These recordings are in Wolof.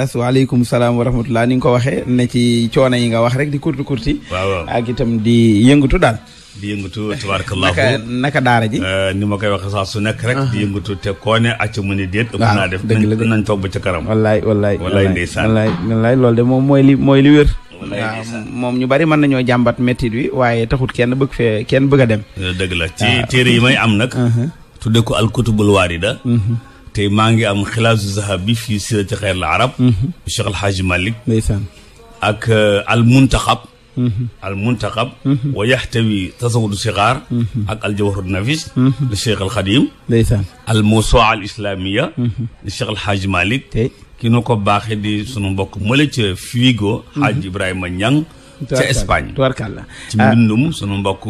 asalaamaaleykum salaam wa rahmatulah ni nga ko waxee ne ci coono yi nga wax rek di kurti kurti. waaw ak itam di yëngatu daal. di yëngatu tabarakallahu naka naka daara ji. Euh, ni ma koy waxee saa su nekk rek. di ah. yëngatu te koo ne acca mu ne déet. waaw dëgg la def nañ toog ba ca karam. wallaay wallaay wallaay ndeysaan wallaay wallaay loolu de moom mooy li mooy li wér. moom ñu bari mën nañoo jàmbat méttit wi waaye taxut kenn bëgg fe kenn bëgg a dem. dëgg la ci téere yi may am nag. Uh-huh. tudde ko al kutubul waarida. Mm-hmm. te maa ngi am xilaasu zahab mhm. bi fii sirati xeer la arab Cheikh El Hadj Malick ndeysaan ak euh, al muntaxab mhm. al muntaxab mhm. wa yaxtawi tasawudu sigaar ak al jawharu nafis li Cheikh al Xadim ndeysaan al mawsuwa al islamiya li Cheikh El Hadj Malick ki nu ko baaxee di sunu mbokk mële euh, ca Figo Hadj Ibrahima Niang ca Espagne tubarkàlla ci mbindum sunu mbokk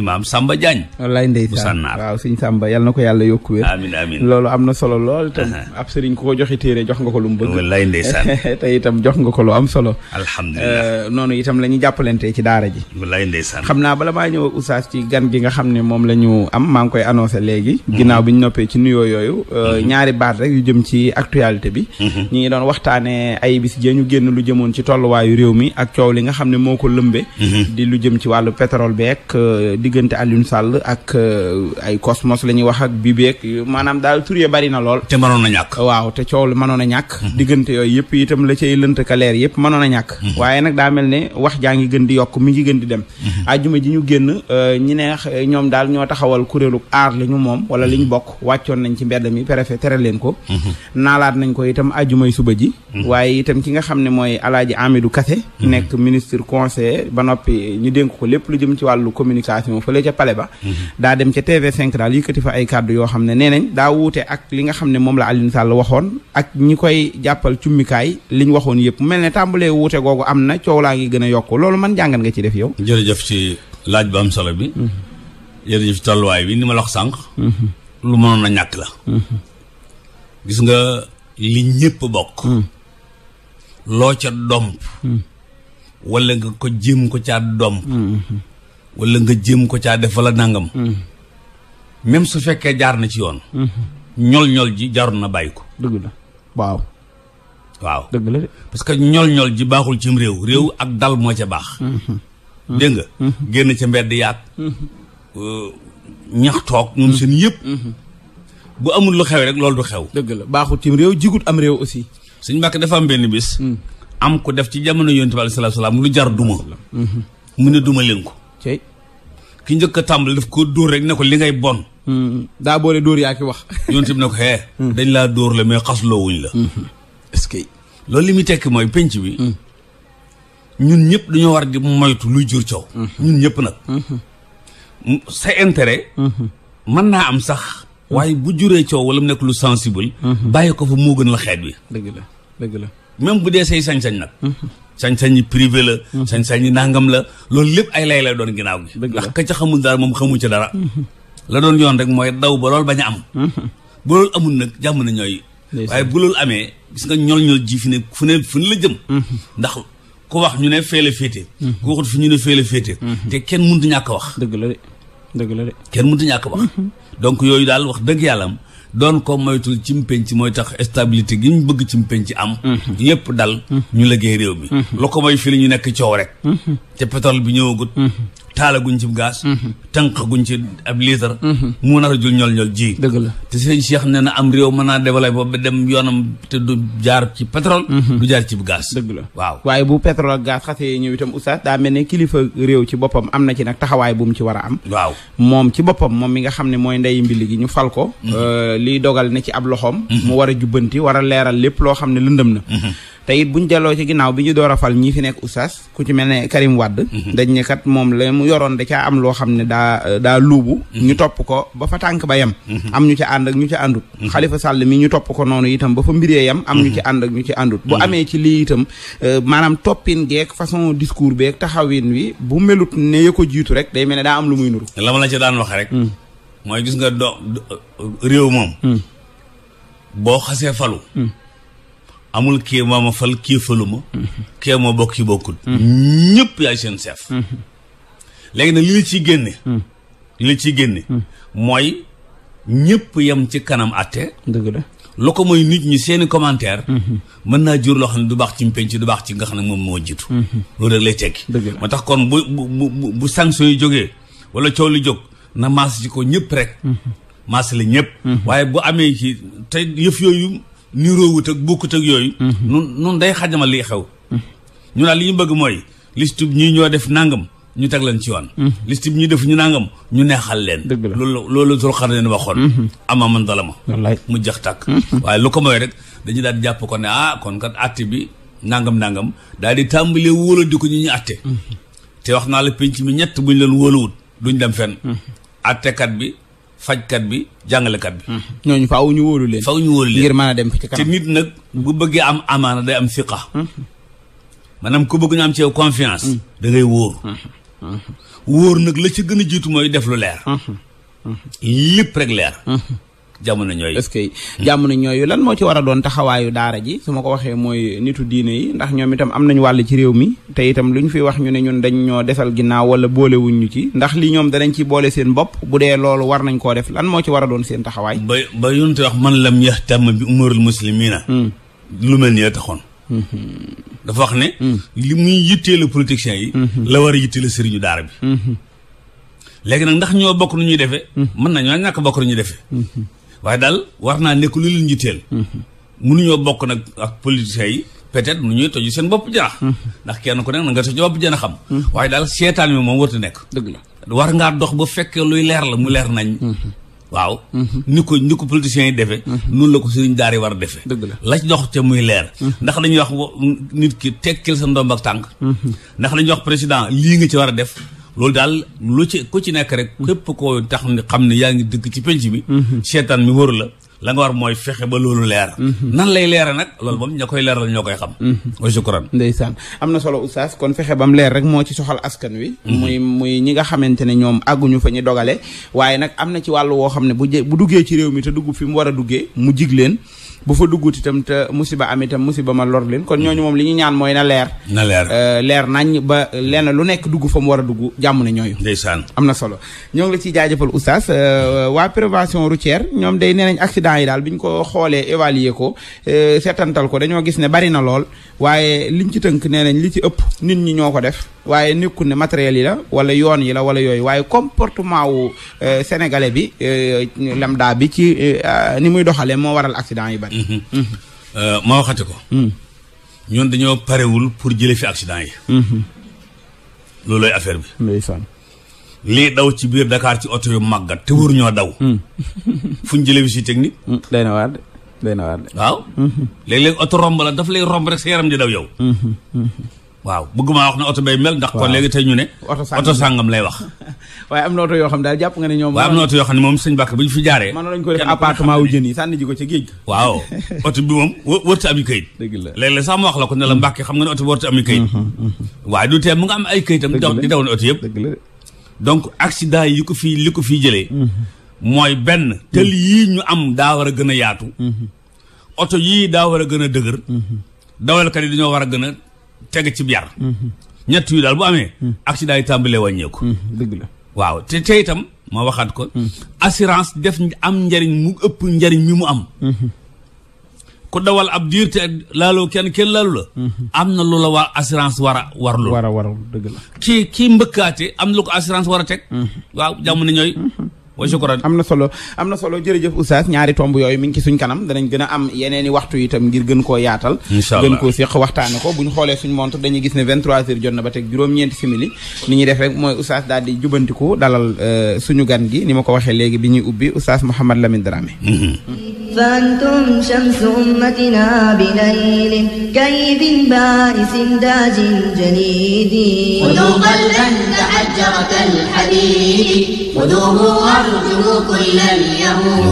imaam Samba Diagne wallaay ndeysaan bu sànnaar waaw sëñ Samba yal na ko yàlla yokku wér amiin amiin loolu am na solo lool tam ab sëriñ ku ko joxe jox nga ko lu mu bëgg wallaay ndeysaan te itam jox nga ko lu am solo alhamdulilah euh, noonu itam la ñu jàppalantee ci daara ji wallaay ndeysaan xam naa bala maa ñëw ak oustaz ci gan gi nga xam ne moom la ñu am maa ngi koy annoncé léegi mhm. ginnaaw bi ñu noppee ci nuyoo yooyu euh, mhm. ñaari baat rek yu jëm ci actualité bi mhm. ñu ngi doon waxtaane ay bis jee ñu génn lu jëmoon ci tolluwaayu réew mi ak coow moo ko lëmbe mhm. di lu jëm ci wàllu pétrole beek euh, diggante Alioune Sall ak euh, ay Cosmos la ñuy wax ak bi beek maanaam daal tur ya bari na lool te mënoon a ñàkk waaw te coow a ñàkk mhm. diggante yooyu yëpp itam la cay lënt ka leer yëpp mënoon a mhm. waaye nag daa mel ne wax jaa ngi gën di yokk mi ngi gën di dem ajjuma ji ñu génn euh, ñi neex ñoom daal ñoo taxawal kuréelu aar li moom wala li bokk wàccoon nañ ci mbedd mi préfet tere leen ko naalaat nañ ko itam ajjumay suba ji waaye itam ki nga xam ne mooy alaaji Amidou Kassé nekk ministre conseiller ba noppi ñu dénk ko lépp lu jëm ci wàllu communication fële ca pale ba mm-hmm. daa dem ca TV5 daal yi yëkkati fa ay kàddu yoo xam ne nee nañ daa wuute ak li nga xam ne moom la Alioune Sall waxoon ak ñi koy jàppal cummikaay li ñu waxoon yëpp mel ne tàmbalee wuute googu am na coow laa ngi gën a yokk loolu man jàngat nga ci def yow jërëjëf ci laaj bu am solo bi mm-hmm. jërëjëf ci tolluwaay bi ni ma la wax sànq mm-hmm. lu mënoon na ñàkk la gis nga li ñëpp bokk wala nga ko jéem ko caa doom wala nga jéem ko caa def wala nangam même su fekkee jaar na ci yoon ñol ñol ji jaarul na bàyyi ko dëgg la waaw waaw dëgg la de parce que ñol-ñol ji baaxul cim réew réew ak dal moo ca baax dégg nga génn ca mbedd yaag ñax toog ñoom seen yëpp bu amul lu xew rek loolu du xew dëgg la baaxul cim réew jigut am réew aussi suñ mbàkk dafa am benn bis mm. am ko def ci jamono yonent bi alayhi salaatu mu lu jar duma mu ne duma leen ko ki njëkk a tàmbali daf ko dóor rek ne ko li ngay bon hmm. daa boole dóor yaa ki wax yonent bi ne ko xee eh, hmm. dañ laa dóor la mais xasloowuñ la hmm. est-ce que loolu li muy tekki mooy penc bi ñun ñëpp dañoo war a di moytu luy jur coow ñun ñëpp nag sa intérêt mën naa am sax waaye bu juree coow wala mu nekk lu sensible bàyyi ko fa moo gën la xeet bi dëgg la dëgg la même bu dee say sañ-sañ nag sañ-sañ yi privé la sañ-sañ yi nàngam la loolu lépp ay lay lay doon ginnaaw gi ndax ka ca xamul dara moom xamu ca dara la doon yoon rek mooy daw ba loolu bañ am bu loolu amul nag jàmm na ñooy waaye bu loolu amee gis nga ñol ñol ji fi ne fu ne fu ne la jëm ndax ku wax ñu ne feele féete ku waxut fi ñu ne feele féete te kenn mënut ñàkk wax dëgg la de dëgg la de kenn mënut ñàkk wax donc yooyu daal wax dëgg yàllam doon ko moytul ci pénc mooy tax stabilité gi ñu bëgg ci mpenc am. ñëpp mhm. dal. Mhm. ñu liggéey réew mi. Mhm. lu ko mooy fii la ñu nekk coow rek. te pétrole bi ñëwagut. Mm-hmm. taalaguñ ci gaz. Mm-hmm. guñ ci ab litre. Mm-hmm. mu nar a jul ñol ñol ji. dëgg la te sëñ Cheikh nee na am réew mën naa développé ba dem yoonam te du jaar ci pétrole. du jaar ci gaz. dëgg la waaw waaye bu pétrole ak xasee ñëw itam oustaz daa mel ne kilifa réew ci boppam am na ci nag taxawaay bu mu ci war a am. waaw moom ci boppam moom mi nga xam ne mooy ndeyu mbili gi ñu fal ko. Euh, liy dogal ne ci ab loxoom. mu war a jubbanti war a leeral lépp loo xam ne lëndëm na. te it bu ñu delloo ci ginnaaw bi ñu door a fal ñii fi nekk oustaz ku ci mel ne Karim wadd mhm. dañ ne kat moom la mu yoroon da caa am loo xam ne daa daa luubu mhm. ñu topp ko ba fa tànk ba yam mhm. am ñu ci ànd ak ñu ci àndut Khalifa Sall mi ñu topp noonu itam ba fa mbiree yem am ñu ci ànd ak ñu ci àndut bu amee ci lii itam euh, maanaam toppiin geek façon discours beeg taxawin wi bu melut ne ya ko jiitu rek day mel ne daa am lu muy nuru la ma la ci daan wax rek mm. mooy gis nga do réew moom mm. boo xasee falu mm. amul kii maa ma fal kii faluma mm-hmm. kii moo bokk kii bokkul mm-hmm. ñëpp yaay seen chef mm-hmm. léegi nag li la ciy génne mm. li la ciy génne mm. mooy ñëpp yem ci kanam atte dëgg la lu ko mooy nit ñi seeni commentaire mën naa jur loo xam ne du baax ci mpenc du baax ci nga xam ne moom moo jitu loolu rek lay tekki moo tax kon bu bu bu sanction yi jógee wala coow li jóg na maas ci ko ñëpp rek maas la ñëpp waaye bu amee te yëf yooyu niroowut ak bokkut ak yooyu. Mhm. nun nun day xajamal lii xew. Mhm. ñu naan li ñu bëgg mooy listu bi ñii ñoo def nangam ñu teg leen ci yoon. Mhm. listu bi ñuy def ñu nangam ñu neexal leen. dëgg la loolu loolu soo xam ne waxoon. ama man dala ma. mu jax tàkk. waaye lu ko mooy rek dañu daal jàpp ko ne ah kon kat àtte bi nangam nangam daal di tàmbalee wóola di ko ñu ñu àtte. te wax naa la penc mi ñett buñ leen wóolawut duñ dem fenn. àttekat bi. fajkat bi jàngalekat bi. Mm-hmm. ñooñu faaw ñu wóolu leen. faaw ñu wóolu leen ngir man a dem ci kanam. te nit nag bu bëggee am amaana day am fiqa. Mm-hmm. maanaam ku bëgg ñu am ci yow confiance. Mm-hmm. da ngay wóor. wóor nag la ci gën a jiitu mooy def lu leer. lépp rek leer. jamono ñooyu est-ce que jamono ñooyu lan moo ci war a doon taxawaayu daara ji su ma ko waxee mooy nitu diine yi ndax ñoom itam am nañ wàll ci réew mi te itam lu ñu fi wax ñu ne ñun dañ ñoo desal ginnaaw wala boolewuñ ñu ci ndax li ñoom danañ ci boole seen bu dee loolu war nañ koo def lan moo ci war doon seen taxawaay ba ba wax man lam yahtam bi umurul muslimina hmm. lu mel ni taxoon hmm. dafa wax ne hmm. li muy yitteelu politiciens yi la war a yitteelu sëriñu daara bi léegi nag ndax ñoo bokk nu ñuy defee mën nañoo ñàkk bokk nu ñuy defee waaye daal war naa nekk lu leen jiteel mënuñoo bokk nag ak politiciens yi peut-être ñuy toju seen bopp janax ndax kenn ku nekk na nga toj bopp janax xam waaye daal seetaan mi moom warta nekk dëgg la war ngaa dox ba fekkee luy leer la mu leer nañ waaw ni ko ni ko politiciens yi defee noonu la ko sëriñ daara yi war a defee dëgg la la dox te muy leer ndax dañuy wax nit ki tekkil sa ndomb ak tànk ndax dañuy wax président lii nga ci war a def loolu daal lu ci ku ci nekk rek mm. képp koo tax ni xam ne yaa ngi dëkk ci penc bi mm-hmm. seetaan mi wër la la nga war mooy fexe ba loolu leer mm-hmm. nan lay leera nag loolu moom ña koy leer ñoo koy xam mm-hmm. wa shukran ndeysaan am na solo oustaz kon fexe ba mu leer rek moo ci soxal askan wi muy muy ñi nga xamante ne ñoom àgguñu fa ñu dogale waaye nag am na ci wàllu woo xam ne bu bu duggee ci réew mi te dugg fi mu war a duggee mu jig leen bu fa duggut itam te musiba am itam musiba ma lor leen kon ñooñu moom li ñu ñaan mooy na leer. na leer euh, nañ ba lenn lu nekk dugg fa mu war a dugg jàmm ne ñooyu. ndeysaan am na solo ñoo ngi la ciy jaajëfal oustaz euh, waa prévention routière ñoom day nee nañ accident yi daal bi ñu ko xoolee évaluer ko euh, seetantal ko dañoo gis ne bari na lool. waaye liñ ci tënk nee nañ li ci ëpp nit ñi ñoo ko def waaye nekku ne matériel yi la wala yoon yi la wala yooyu waaye comportement wu euh, sénégalais bi euh, lambda bi ci euh, ni muy doxalee moo waral accident yi bari. Mhm. Mhm. ma waxati ko. Mhm. ñoon dañoo parewul pour jële fi accident yi. loolooy affaire bi. ndeysaan. lii daw ci biir dakaar ci oto yu màggat te wër ñoo daw. fuñ jële fi si technique. day na waar day na waar de. waaw. léeg-léeg oto romb la daf lay romb rek sa yaram di daw yow. waaw bëgguma wax ne oto bay mel. ndax kon léegi tey ñu ne. oto sàngam lay wax. waaye am na oto yoo xam ne na oto yoo xam ne moom sëñ Bakk bu ñu fi jaaree. mën nañu ko def appartement jën yi sànni ji ko ci géej. waaw oto bi moom wërta am yi kayit. dëgg la léeg-léeg wax la ko ne la Mbàkke xam nga ne oto bi wërta am yi kayit. Mm-hmm, mm-hmm. waaye du tee mu nga am ay kayitam. dëgg la di daw na oto yëpp. donc accident yi ko fii li ko fii jëlee mm-hmm. mooy benn tël yii ñu am daa war a gën a yaatu oto yii daa war a gën a dëgër dawalkat yi dañoo war a gën a teg ci yar ñett yu daal bu amee accident yi tàmbalee wàññeeku dëgg la waaw te te itam ma waxaat ko assurance def am njariñ mu ëpp njariñ mi mu am ko dawal ab diir te laaloo kenn kenn laalu la am na lu la waa assurance war a war a la kii kii mbëkkaate am na lu ko assurance war a teg uhuh. waaw jàmm ne ñooy uhuh. wa shukran am na am na solo jërëjëf oustaz ñaari tomb yooyu mi ngi ci suñ kanam danañ gën a am yeneen i waxtu itam ngir gën koo yaatal gën koo séq waxtaane ko bu ñu xoolee suñ montre dañuy gis ne 23 heures jot na ba teg juróom-ñeenti simili ni ñuy rek mooy oustaz daal di jubantiku dalal euh, suñu gan gi ni ma ko waxee léegi bi ñuy ubbi oustaz Mouhamed Lamine Dramé فأنتم شمس أمتنا بليل كيد بارس داج جليد خذوا قلبا تحجرة الحديد خذوه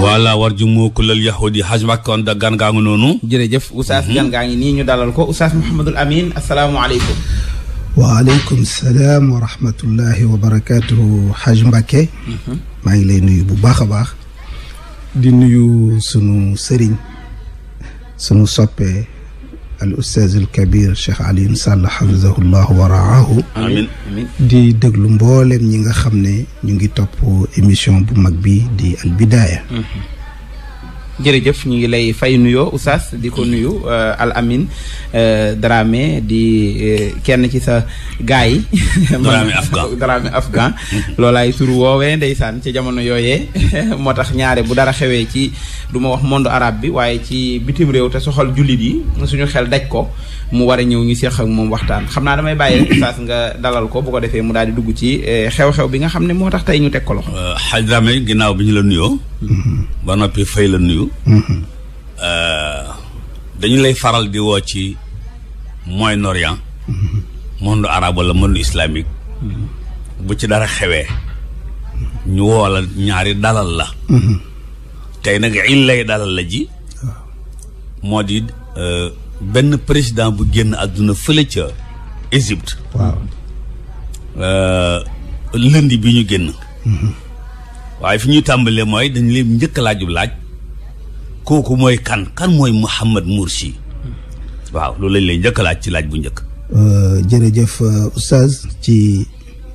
voilà war ju yahudi xaj makkoon da gan gaa noonu jërëjëf oustaz mhm. gan gaa ngi nii ñu dalal ko oustaz Mouhamadul Amine asalaamaaleykum waaleykum salaam wa rahmatullahi wa barakaatuhu xaj Mbàkke mhm. maa ngi lay nuyu bu baax a baax di nuyu sunu sëriñ sunu soppee al ustaaz al kabir Cheikh Alioune Sall xafizahullahu wa raahu amiin di déglu mboolem ñi nga xam ne ñu ngi topp émission bu mag bi di al bidaaya mhm. jërëjëf ñu ngi lay fay nuyoo usas di ko nuyu euh, al amin euh, Dramé di euh, kenn ci sa gars yi. Dramé afghan Dramé afghan. loolaay tur woowee ndeysaan ci jamono yooye moo tax ñaare bu dara xewee ci du ma wax monde arabe bi waaye ci bitim réew te soxal jullit yi suñu xel daj ko. mu war a ñëw ñu seq ak moom waxtaan xam naa damay bàyyi rek nga dalal ko bu ko defee mu daal di dugg ci eh, xew-xew bi nga xam ne moo tax tey ñu teg ko xaj euh, dame ginnaaw bi ñu la nuyoo. Mm-hmm. ba noppi fay la nuyu. Mm-hmm. Euh, dañu lay faral di woo ci Moyen-Orient. Mm-hmm. monde arabe wala monde islamique. bu ci dara xewee. ñu woo la ñaari dalal la. tey nag illay dalal la ji. Ah. moo di. Euh, benn président bu génn adduna fële ca Égypte. waaw euh, lundi bi ñu génn. waaye fi ñuy tàmbalee mooy dañ leen njëkk laajub laaj kooku mooy kan kan mooy Mouhamed Moursi waaw loolu lañ lay njëkk laaj ci laaj bu njëkk. Euh, jërëjëf euh, oustaz ci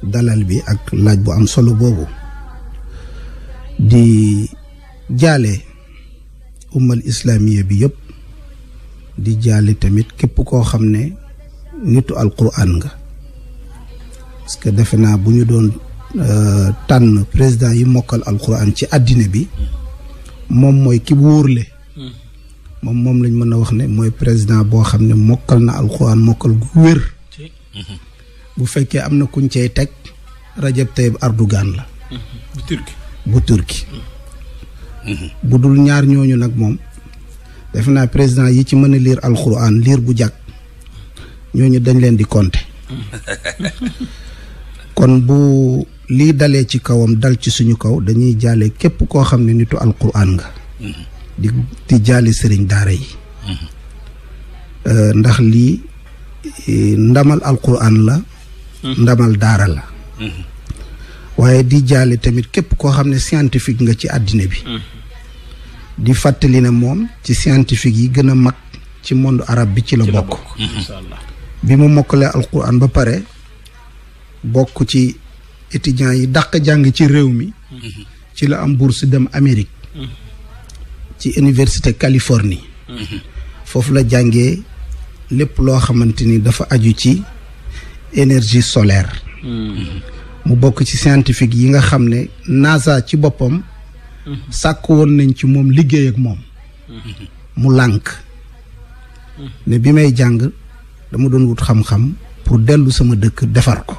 dalal bi ak laaj bu am solo boobu di jaale ummal islamiya bi yëpp. di jaali tamit képp koo xam ne nitu alquran nga parce que defe naa bu ñu doon euh, tànn président yi mokkal alquran ci àddina bi moom mooy ki wóorle moom moom lañ mën a wax ne mooy président boo xam ne mokkal na alquran mokkal gu wér bu fekkee am na kuñ cey teg Rajab Tayyip Erdogan la bu turki bu turki bu dul ñaar ñooñu nag moom def naa président yi ci mën a liir alxuraan liir bu jàkk ñooñu dañ leen di compter kon bu lii dalee ci kawam dal ci suñu kaw dañuy jaale képp koo xam ne nitu alxuraan nga mm-hmm. di di jaale sëriñ daara yi mm-hmm. euh, ndax lii e, ndamal alxuraan la mm-hmm. ndamal daara la waaye di jaale tamit képp koo xam ne scientifique nga ci àddina bi di fàttali na moom ci scientifique yi gën a mag ci monde arab bi ci la bokk mm-hmm. bi mu mokkalee alquran ba pare bokk ci étudiants yi daq jàng ci réew mi mm-hmm. ci la am bourse dem Amérique mm-hmm. ci université Californie foofu la jàngee lépp loo xamante ni dafa aju ci énergie solaire mu bokk ci scientifique yi nga xam ne NASA ci boppam sàkk woon nañ ci moom liggéey ak moom mu lànk ne bi may jàng dama doon wut xam-xam pour dellu sama dëkk defar ko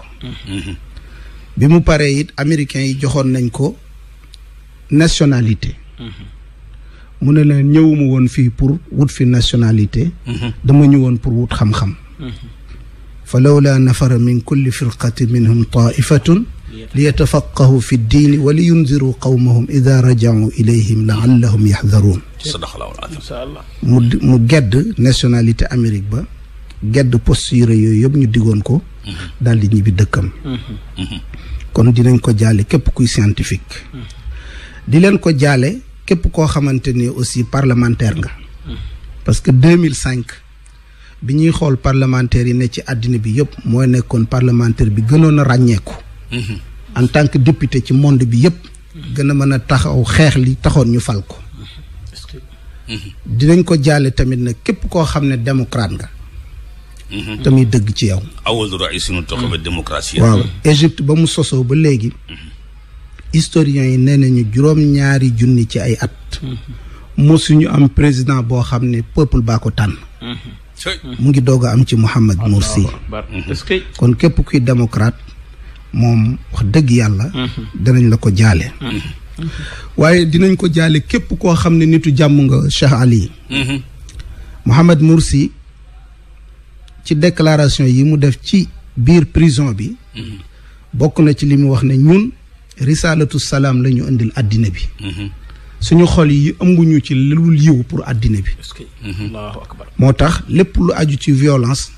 bi mu paree it américains yi joxoon nañ ko nationalité mu ne leen ñëwuma woon fii pour wut fi nationalité dama ñëwoon pour wut xam-xam fa lawla nafara min kulli firqati minhum taifatun li yatafaqahu fi diini wa li yunziru qawmahum ida rajau ilayhim laallahum yaxdaruun mu mu gedd nationalité Amérique ba gedd posture yooyu yëpp ñu diggoon ko mhm. daal di ñibbi dëkkam mhm. Mhm. kon dinañ ko jaale képp kuy scientifique di leen ko jaale képp koo xamante ne aussi parlementaire nga parce que 2005 bi ñuy xool parlementaire yi ne ci àddina bi yëpp mooy nekkoon parlementaire bi gënoon a ràññeeku en tant que député ci monde bi yëpp gën a mën a taxaw xeex li taxoon ñu fal ko dinañ ko jaale tamit nag képp koo xam ne démocrate nga mhm. tamit dëgg ci yow awal raisinu taxawa mhm. démocratie ba mu sosoo ba léegi mhm. historiens yi nee nañu juróom ñaari junni ci ay at mosuñu am président boo xam ne peuple baa ko tànn mu ngi doog am ci Mohamed Morsi kon képp kuy démocrate moom wax dëgg yàlla danañ la ko jaale waaye dinañ ko jaale képp koo xam ne nitu jàmm nga Cheikh Ali Mohamed Mursi ci déclaration yi mu def ci biir prison bi bokk na ci li mu wax ne ñun risalatu salaam la indil àddina bi suñu xol yi ëmbuñu ci lul yiw pour àddina bi moo tax lépp lu aju ci violence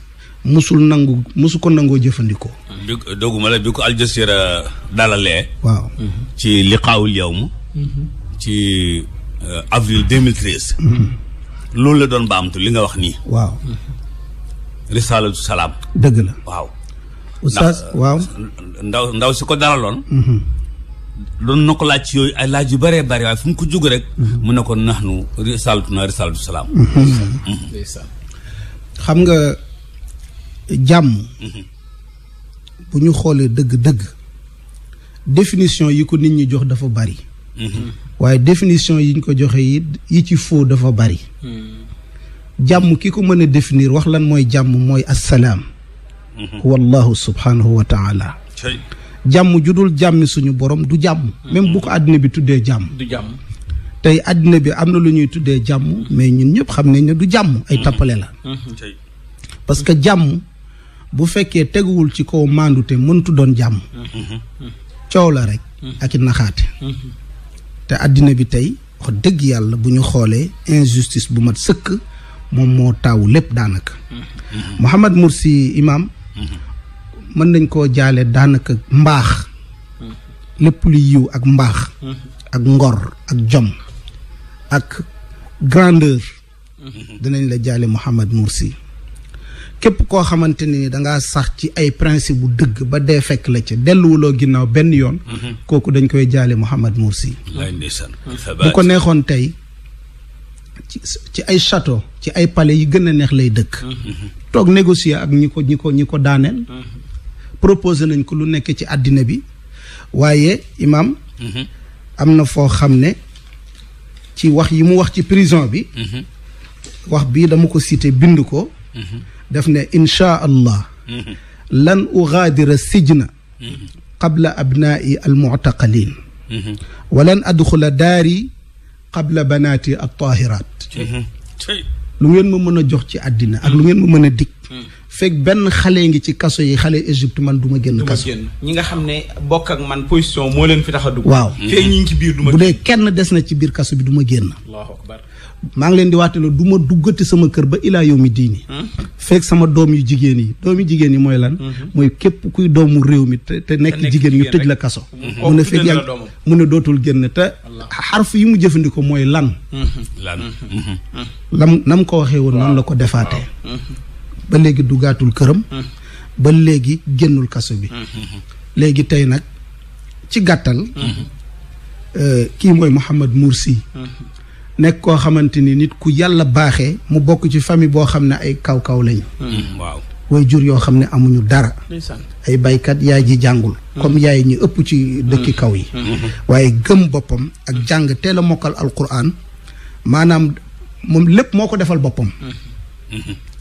musul nangu musu ko nangoo jëfandikoo. bi dooguma la bi ko Al Jazeera dalalee. waaw ci liqaawul yawm ci euh, avril 2013. loolu la doon baamtu li nga wax nii. waaw. risalatu salaam. dëgg la waaw. oustaz ndaw ndaw si ko dalaloon. Mhm. doon na ko laaj ci yooyu ay laaj yu bëree bëri waaye fu mu ko jug rek. Mhm. mu ne ko nax nu risalatu na risalatu salaam. Mhm. xam nga. jàmm mhm. bu ñu xoolee dëgg-dëgg définition yi ko nit ñi jox dafa bari mhm. waaye définition yi ñu ko joxe yi yi ci foo dafa bari mhm. jàmm ki ko mën a définir wax lan mooy jàmm mooy assalaam wallahu subhanahu wa taala jàmm ju dul jàmmi suñu borom du jàmm même bu ko àddina bi tuddee jàmm du jàmm tey àddina bi am na lu ñuy tuddee jàmm mais ñun ñëpp xam nañ ne du jàmm ay tappale la parce jàmm bu fekkee teguwul ci kaw màndu te mëntu doon jàmm coow la rek ak i naxaate te àddina bi tey wax dëgg yàlla bu ñu xoolee injustice bu mat sëkk moom moo taawu lépp daanaka Mouhamed Moursi imam mën nañ koo jaale daanaka mbaax lépp lu yiw ak mbaax ak ngor ak jom ak grandeur dinañ la jaale Mouhamed Moursi képp koo xamante ni dangaa sax ci ay principe bu dëgg ba dee fekk la ca delluwuloo ginnaaw benn yoon mhm. kooku dañ koy jaale Mouhamed Moursi mhm. bu ko neexoon tey ci ay château ci ay palais yi gën a neex lay dëkk mhm. toog négocier ak ñi ko ñi ko ñi daaneel proposé nañ ko lu nekk ci àddina bi waaye imam am na foo xam ne ci wax yi mu wax ci prison bi wax bii dama ko cité bind ko daf ne inchaa allah mhm. lan ugaadira sijna qabla abnaai almuctaqalin mhm. wa lan adxula daari qabla banaati altaahiraat mhm. lu ngeen ma mën a jox ci àddina ak lu ngeen ma mën a dikk fekk benn xale ngi ci kaso yi xale Égypte man du ma génn kaso ñi nga xam ne bokk ak man position moo leen fi tax waaw fee ci biir du ma bu dee kenn des na ci biir kaso bi du ma génn maa ngi leen di waatelo du ma duggati sama kër ba ilaa yow mi diini hmm? fekk sama doom yu jigéen yi doom yu jigéen yi mooy lan hmm. mooy képp kuy doomu réew mi te te nekk jigéen ñu tëj la kaso hmm. mu ne fekk yàgg mu a dootul génn te xarf yi mu jëfandikoo mooy lan lan lam nam ko waxee woon noonu la ko defaatee ba léegi duggaatul këram ba léegi génnul kaso bi léegi tey nag ci gàttal euh, kii mooy Mouhamed Moursi nekk koo xamante ni nit ku yàlla baaxee mu bokk ci famille boo xam ne ay kaw-kaw lañ. Hmm, waaw jur yoo xam ne amuñu dara. ay baykat yaay ji jàngul. Hmm. comme yaay ñi ëpp ci hmm. dëkki kaw yi. waaye gëm boppam ak jàng teel a mokkal alquran maanaam moom lépp moo ko defal boppam.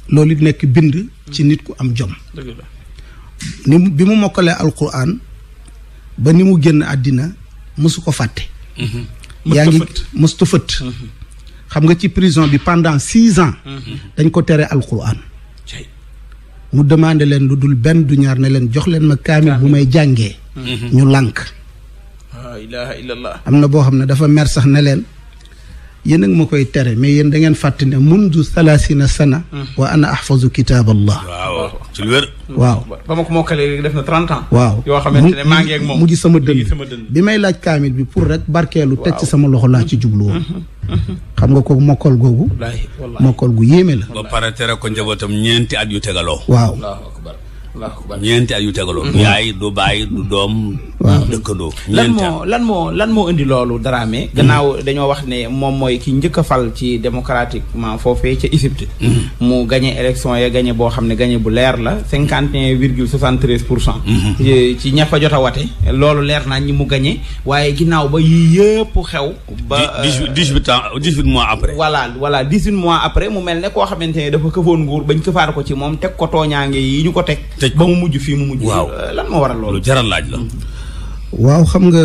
loolu nekk bind ci nit ku am jom. ni bi mu mokkalee alquran ba ni mu génn àddina mësu ko fàtte. yaa ngi mësta fët mhm. xam nga ci prison bi pendant six ans mhm. dañ ko tere alquran mu demandé leen lu dul benn du ñaar ne leen jox leen ma kaamil bu may jàngee mhm. ñu lànk la ilaha illallah am na boo xam ne dafa mer sax ne leen yéen a ngi ma koy tere mais yéen da ngeen fàtte ne mundu salaasina sana wa ana ahfazu kitaab allah ci lu wér. waaw ba ma ko def na 30 waaw yoo xamante ne maa ngi ak moom mu ngi sama dënn bi may laaj kaamil bi pour rek barkeelu. waaw teg ci sama loxo laa ci jublu woon. Mm-hmm. Mm-hmm. xam nga kooku mokkal googu. mokkal gu yéeme la. ba pare tere ko njabootam ñeenti at yu tegaloo. waaw. ñeenti at yu tegaloo. Mm-hmm. yaay du baay du doom. waaw dëkkandoo. lan moo lan moo lan moo indi loolu Dramé. Mm. gannaaw dañoo wax ne moom mooy ki njëkk fal ci démocratiquement foofee ca Égypte. Mm. mu gagné élection ya gagné boo xam ne gagné bu leer la cinquante et un virgule soixante treize pour cent. Mm-hmm. Mm-hmm. ci ña fa jot a wate. loolu leer naa ñi mu gagné waaye ginnaaw ba yii yëpp xew. ba euh, dix huit dix huit ans mois après. voilà voilà dix huit mois après mu mel ne koo xamante ne dafa këfoon nguur bañ këfaar ko ci moom teg ko tooñaange yi ñu ko teg. ba mu mujj fii mu mujj. waaw euh, lan moo waral loolu jaral laaj la. Mm-hmm. waaw xam nga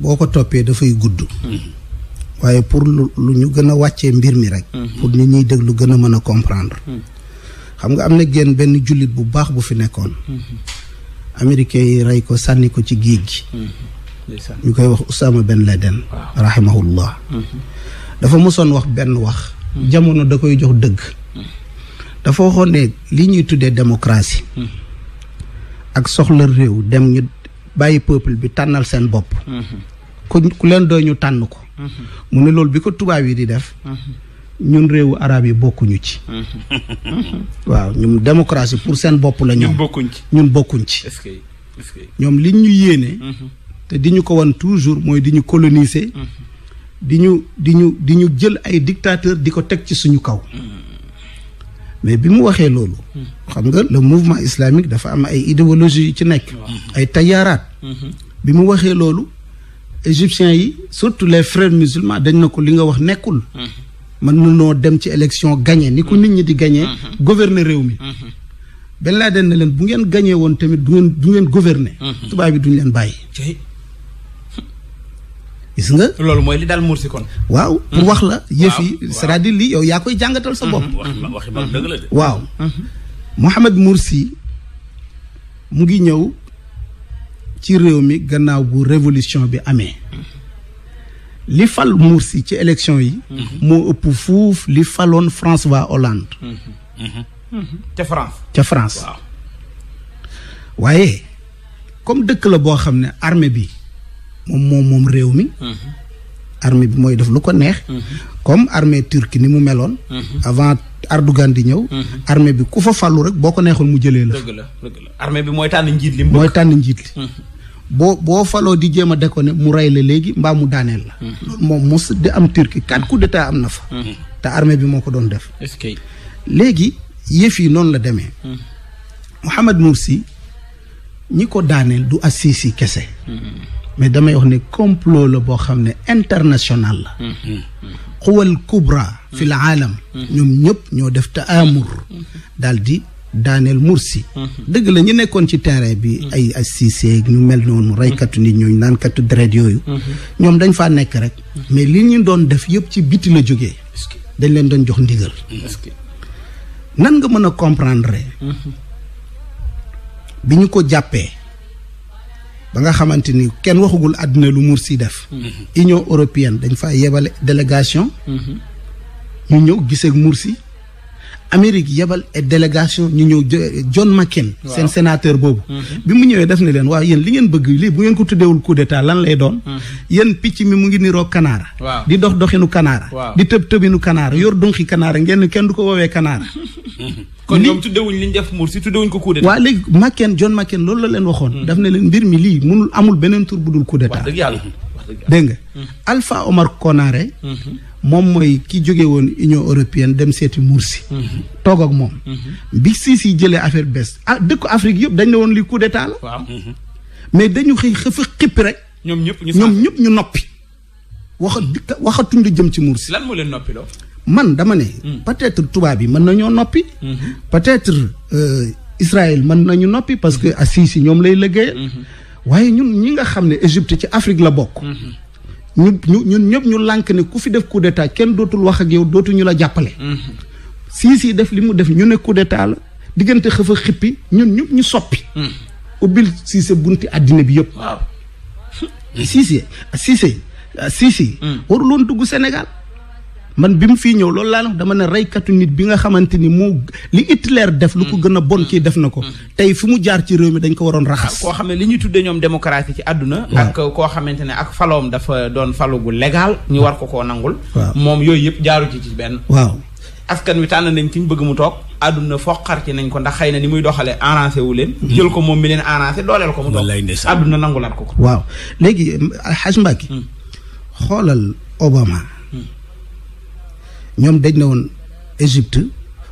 boo ko toppee dafay gudd. waaye pour lu ñu gën a wàccee mbir mi rek. Mhm. pour nit ñuy déglu gën a mën a comprendre. Mhm. xam nga am na génn benn jullit bu baax bu fi nekkoon. Mhm. américain yi rey ko sànni ko ci géej gi. ñu koy wax Usama Ben Laden. waaw rahimahullah dafa mosoon wax benn wax. jamono da koy jox dëgg. dafa waxoon ne lii ñuy tuddee démocratie. ak soxla réew dem ñu. bàyyi peuple bi tànnal seen bopp. ku ku leen doo ñu tànn ko. mu ne loolu bi ko tubaab yi di def. ñun réewu arab yi bokkuñu ci. waaw ñun démocratie pour seen bopp la ñoom. ñun bokkuñ ci ñun bokkuñ ci. est-ce que est que ñoom li ñu yéene. Mhm. te di ñu ko wan toujours mooy di ñu coloniser. Mhm. di ñu di ñu di ñu jël ay dictateur di ko teg ci suñu kaw. Mhm. mais bi mu waxee loolu. Hmm. xam nga le mouvement islamique dafa am ay idéologie yu ci nekk. Hmm. ay tayaaraat. Hmm. bi mu waxee loolu égyptiens yi surtout les frères musulmans dañ na ko li nga wax nekkul. mën noo dem ci élection gagné ni ko nit ñi di gagné. gouverner réew mi. laa den ne leen bu ngeen gañee woon tamit du ngeen du ngeen gouverner. tubaab bi duñ leen bàyyi. gis nga. loolu mooy li daal Mursi kon. waaw pour wax la. yëf yi cest yaa koy jàngatal sa bopp. Mhm, wax dëgg la de. waaw mhm. Mouhamed Mursi mu ngi ñëw ci réew mi gannaaw bu révolution bi amee. Mhm. li fal Mursi ci élection yi. moo ëpp fuuf li faloon François Hollande. ca France. ca France waaye comme dëkk la boo xam ne armée bi. moom moom moom réew mi mm-hmm. armée bi mooy def lu ko neex mm-hmm. comme armée turque ni mu meloon mm-hmm. avant Erdogan di ñëw armee bi ku fa fàllu rek boo ko neexul mu jëlee la dëgg la bi mooy tànn njiit li mooy tànn njiit boo boo faloo di jéem a déconné mu rey la léegi mbaa mu daaneel la loolu moom mos di am turki quatre coups d'état am na fa te armée bi moo ko doon def léegi yëf yi noonu la demee Mohamed Morsi ñi ko daaneel du Assisi kese mais damay wax ne complot la boo xam ne international la xuwal mm-hmm. mm-hmm. kubra mm-hmm. fi l aalam ñoom ñëpp ñoo def taamur daal di daaneel Mursi dëgg la ñu nekkoon ci terrain bi ay ay Cissé ñu mel noonu reykatu nit ñooñu naankatu deret yooyu ñoom dañ faa nekk rek mais li ñu doon def yëpp ci biti la jógee dañ leen doon jox ndigal nan nga mën a comprendre bi ñu ko jàppee ba nga xamante ni kenn waxagul àdduna lu Mursi def. Mm-hmm. Union européenne dañ fa yebale délégation. Mm-hmm. ñu ñëw gisee ak Mursi. Amérique yebal et ñu ñëw John McCain. Wow. seen sénateur boobu. Mm bi mu ñëwee def na leen waaw yéen li ngeen bëgg lii bu ngeen ko tuddeewul coup d'état lan lay doon. Mm picc mi mu ngi niroo kanaara. Wow. di dox doxinu kanaara. Wow. di tëb tëbinu kanaara yor dunqi kanaara ngeen kenn du ko woowee kanaara. kon ñoom tuddewuñ li ñu def Morsi tuddewuñ ko coup waa waaw léegi Macken John Macken loolu la leen waxoon. Hmm. daf ne leen mbir mi lii munul amul beneen tur bu dul coup d'état. wax dëgg dégg nga. Hmm. Alpha Omar Konaré. Hmm. moom mooy ki jóge woon Union européenne dem seeti Morsi. toog ak moom. bi siis yi jëlee affaire bees ah dëkku Afrique yëpp dañ ne woon lii coup d'état la. mais dañu xëy xëfa xippi rek. ñoom ñëpp ñu ñëpp ñu noppi. waxa waxatuñ lu jëm ci Morsi. lan moo leen noppiloo. man dama ne. Hmm. peut-être tubaab yi mën nañoo noppi. Hmm. peut-être euh, Israël mën nañu noppi parce que hmm. Assis yi ñoom lay liggéeyal. waaye ñun ñi nga xam ne egypte ci Afrique la bokk. ñu ñu ñun ñëpp ñu lànk ne ku fi def coup d'état kenn dootul wax ak yow dootuñu la jàppale. Sisi def li mu def ñu ne coup d'état la diggante xëfa xippi ñun ñëpp ñu soppi. ubbil Cissé bunti àddina bi yëpp. waaw Cissé Cissé Cissé. waruloon dugg Sénégal. man bi mu fii ñëw loolu laa dama ne reykatu nit bi nga xamante ni moo li Hitler def lu ko gën a bon mm. kii def na ko mm. tey fi mu jaar ci réew mi dañ ko waroon raxas koo xam ne li ñuy tuddee ñoom démocratie ci àdduna ak koo xamante ne ak faloom dafa doon falugu légal ñu war ko ko nangul moom yooyu yëpp jaaru ci ci benn waaw askan wi tànn nañ ki ñu bëgg mu toog àdduna foqar ci nañ ko ndax xëy na ni muy doxalee arrangé wu leen mm. jël ko moom mi leen arrangé dooleel ko mu toog àdduna nangulaat ko ko waaw léegi Haj Mbacke xoolal Obama ñoom dañ ne woon Égypte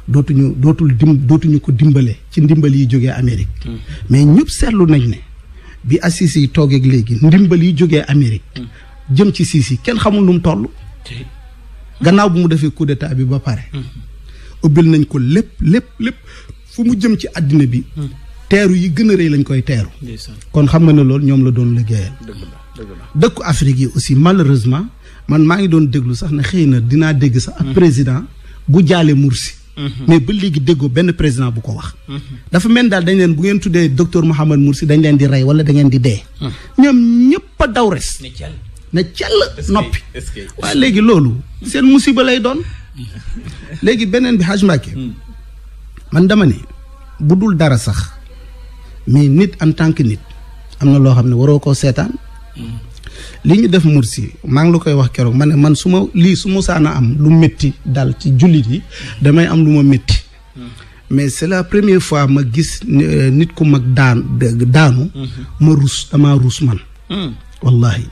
dootuñu dootul dim dootuñu ko dimbale ci ndimbal yi jógee Amérique. Hmm. mais ñëpp seetlu nañ ne bi Assis toogeek toogeeg léegi ndimbal yi jógee Amérique. Hmm. jëm ci Sisi kenn xamul nu mu toll. gannaaw bu mu defee coup bi ba pare. Hmm. ubbil nañ ko lépp lépp lépp fu mu jëm ci àddina bi. teeru yi gën a rëy lañ koy teeru. kon xam nga ne loolu ñoom la doon liggéeyal. dëkku Afrique yi aussi malheureusement. man maa ngi doon déglu sax ne xëy na dinaa dégg sax ak mhm. président bu jaale Mursi mhm. mais ba léegi déggoo benn président bu ko wax mhm. dafa mel daal dañ leen bu ngeen tuddee docteur Mouhamed Mursi dañ leen di rey wala da ngeen di dee ñoom ñëpp a daw res na cell noppi waaye léegi loolu seen musiba lay doon léegi beneen bi Hadj Mbacke hmm. man dama ne bu dul dara sax mais nit en tant nit am na loo xam ne waroo koo seetaan hmm. li ñu def Mursi maa ngi la koy wax keroog ma ne man su ma lii su musaana am lu métti daal ci jullit yi damay am lu ma métti mais c'est la première fois ma gis euh, nit ku mag daan daanu mhm. ma rus damaa rus man mm. wallahi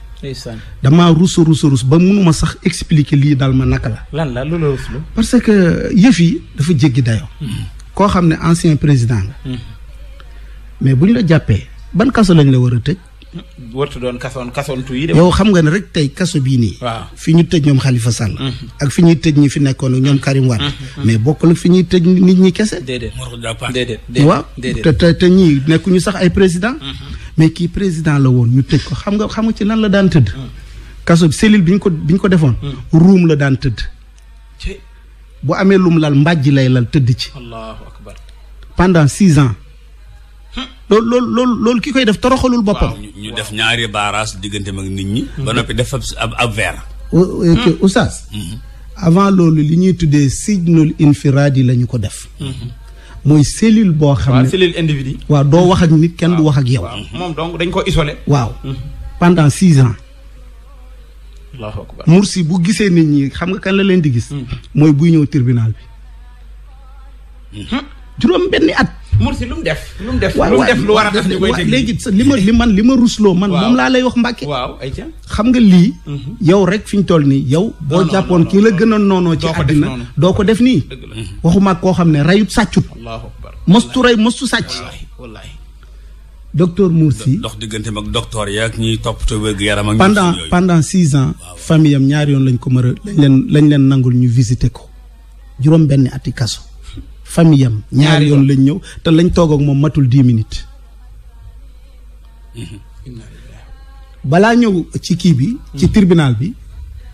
damaa rus rus rus ba mënuma sax expliquer lii daal ma naka la lan la lu parce que yëf yi dafa jéggi dayo mm. koo xam ne ancien président mm. mais bu ñu la jàppee ban kaso lañ la war a tëj wartu doon kasoon kasoontu yi. yow xam nga ne rek tey kaso bii nii. waaw fi ñu tëj ñoom Khalifa Sall. Mhm. ak fi ñuy tëj ñi fi nekkoon ak ñoom Karim Wade. Mhm. Mhm. mais bokkul ak fi ñuy tëj nit ñi kese. déedéet déedéet waaw te te ñii nekkuñu sax ay président. mais kii président la woon ñu tëj ko xam nga xam nga ci nan la daan tëdd. kaso bi cellule bi ñu ko bi ñu ko defoon. ruum la daan tëdd. bu amee lum lal mbàjj lay lal tëdd ci. allahu akbar pendant six ans. loolu loolu loolu loolu ki koy def toroxalul boppam. ñu def ñaari barrage diggante mag nit ñi. Hmm. ba noppi def ab ab verre. Hmm. oustaz. Hmm. avant loolu li ñuy tuddee sijnul infiraadi yi lañu ko def. mooy cellule boo xam ne cellule individu. waaw doo wax ak nit kenn du wax ak yow. moom donc dañ ko isolé. waaw pendant six ans. Mursi bu gisee nit ñi xam nga kan la leen di gis. mooy buy ñëw tribunal bi. juróom benni at. Mursi lu def. lu def lu mu war a def ñu koy dégg léegi li ma li man li ma rusloo man. moom laa lay wax Mbàkke. waaw ayca xam nga lii. Mhm. yow rek fi ñu toll nii yow. boo jàppoon kii la gën a noonoo ci àddina doo ko def nii. waxuma koo xam ne rayut sàccut. mostu ray mostu sàcc. docteur Mursi dox diggante mag docteur yaak ñuy toppatoo wérgu yaram ak pendant pendant six ans famille am ñaari yoon lañ ko mën a lañ leen lañ leen nangul ñu visité ko juróom benn ati kaso famille am ñaari yoon lañ ñëw te lañ toog ak moom matul dix minutes balaa ñëw ci kii bi ci hmm. tribunal bi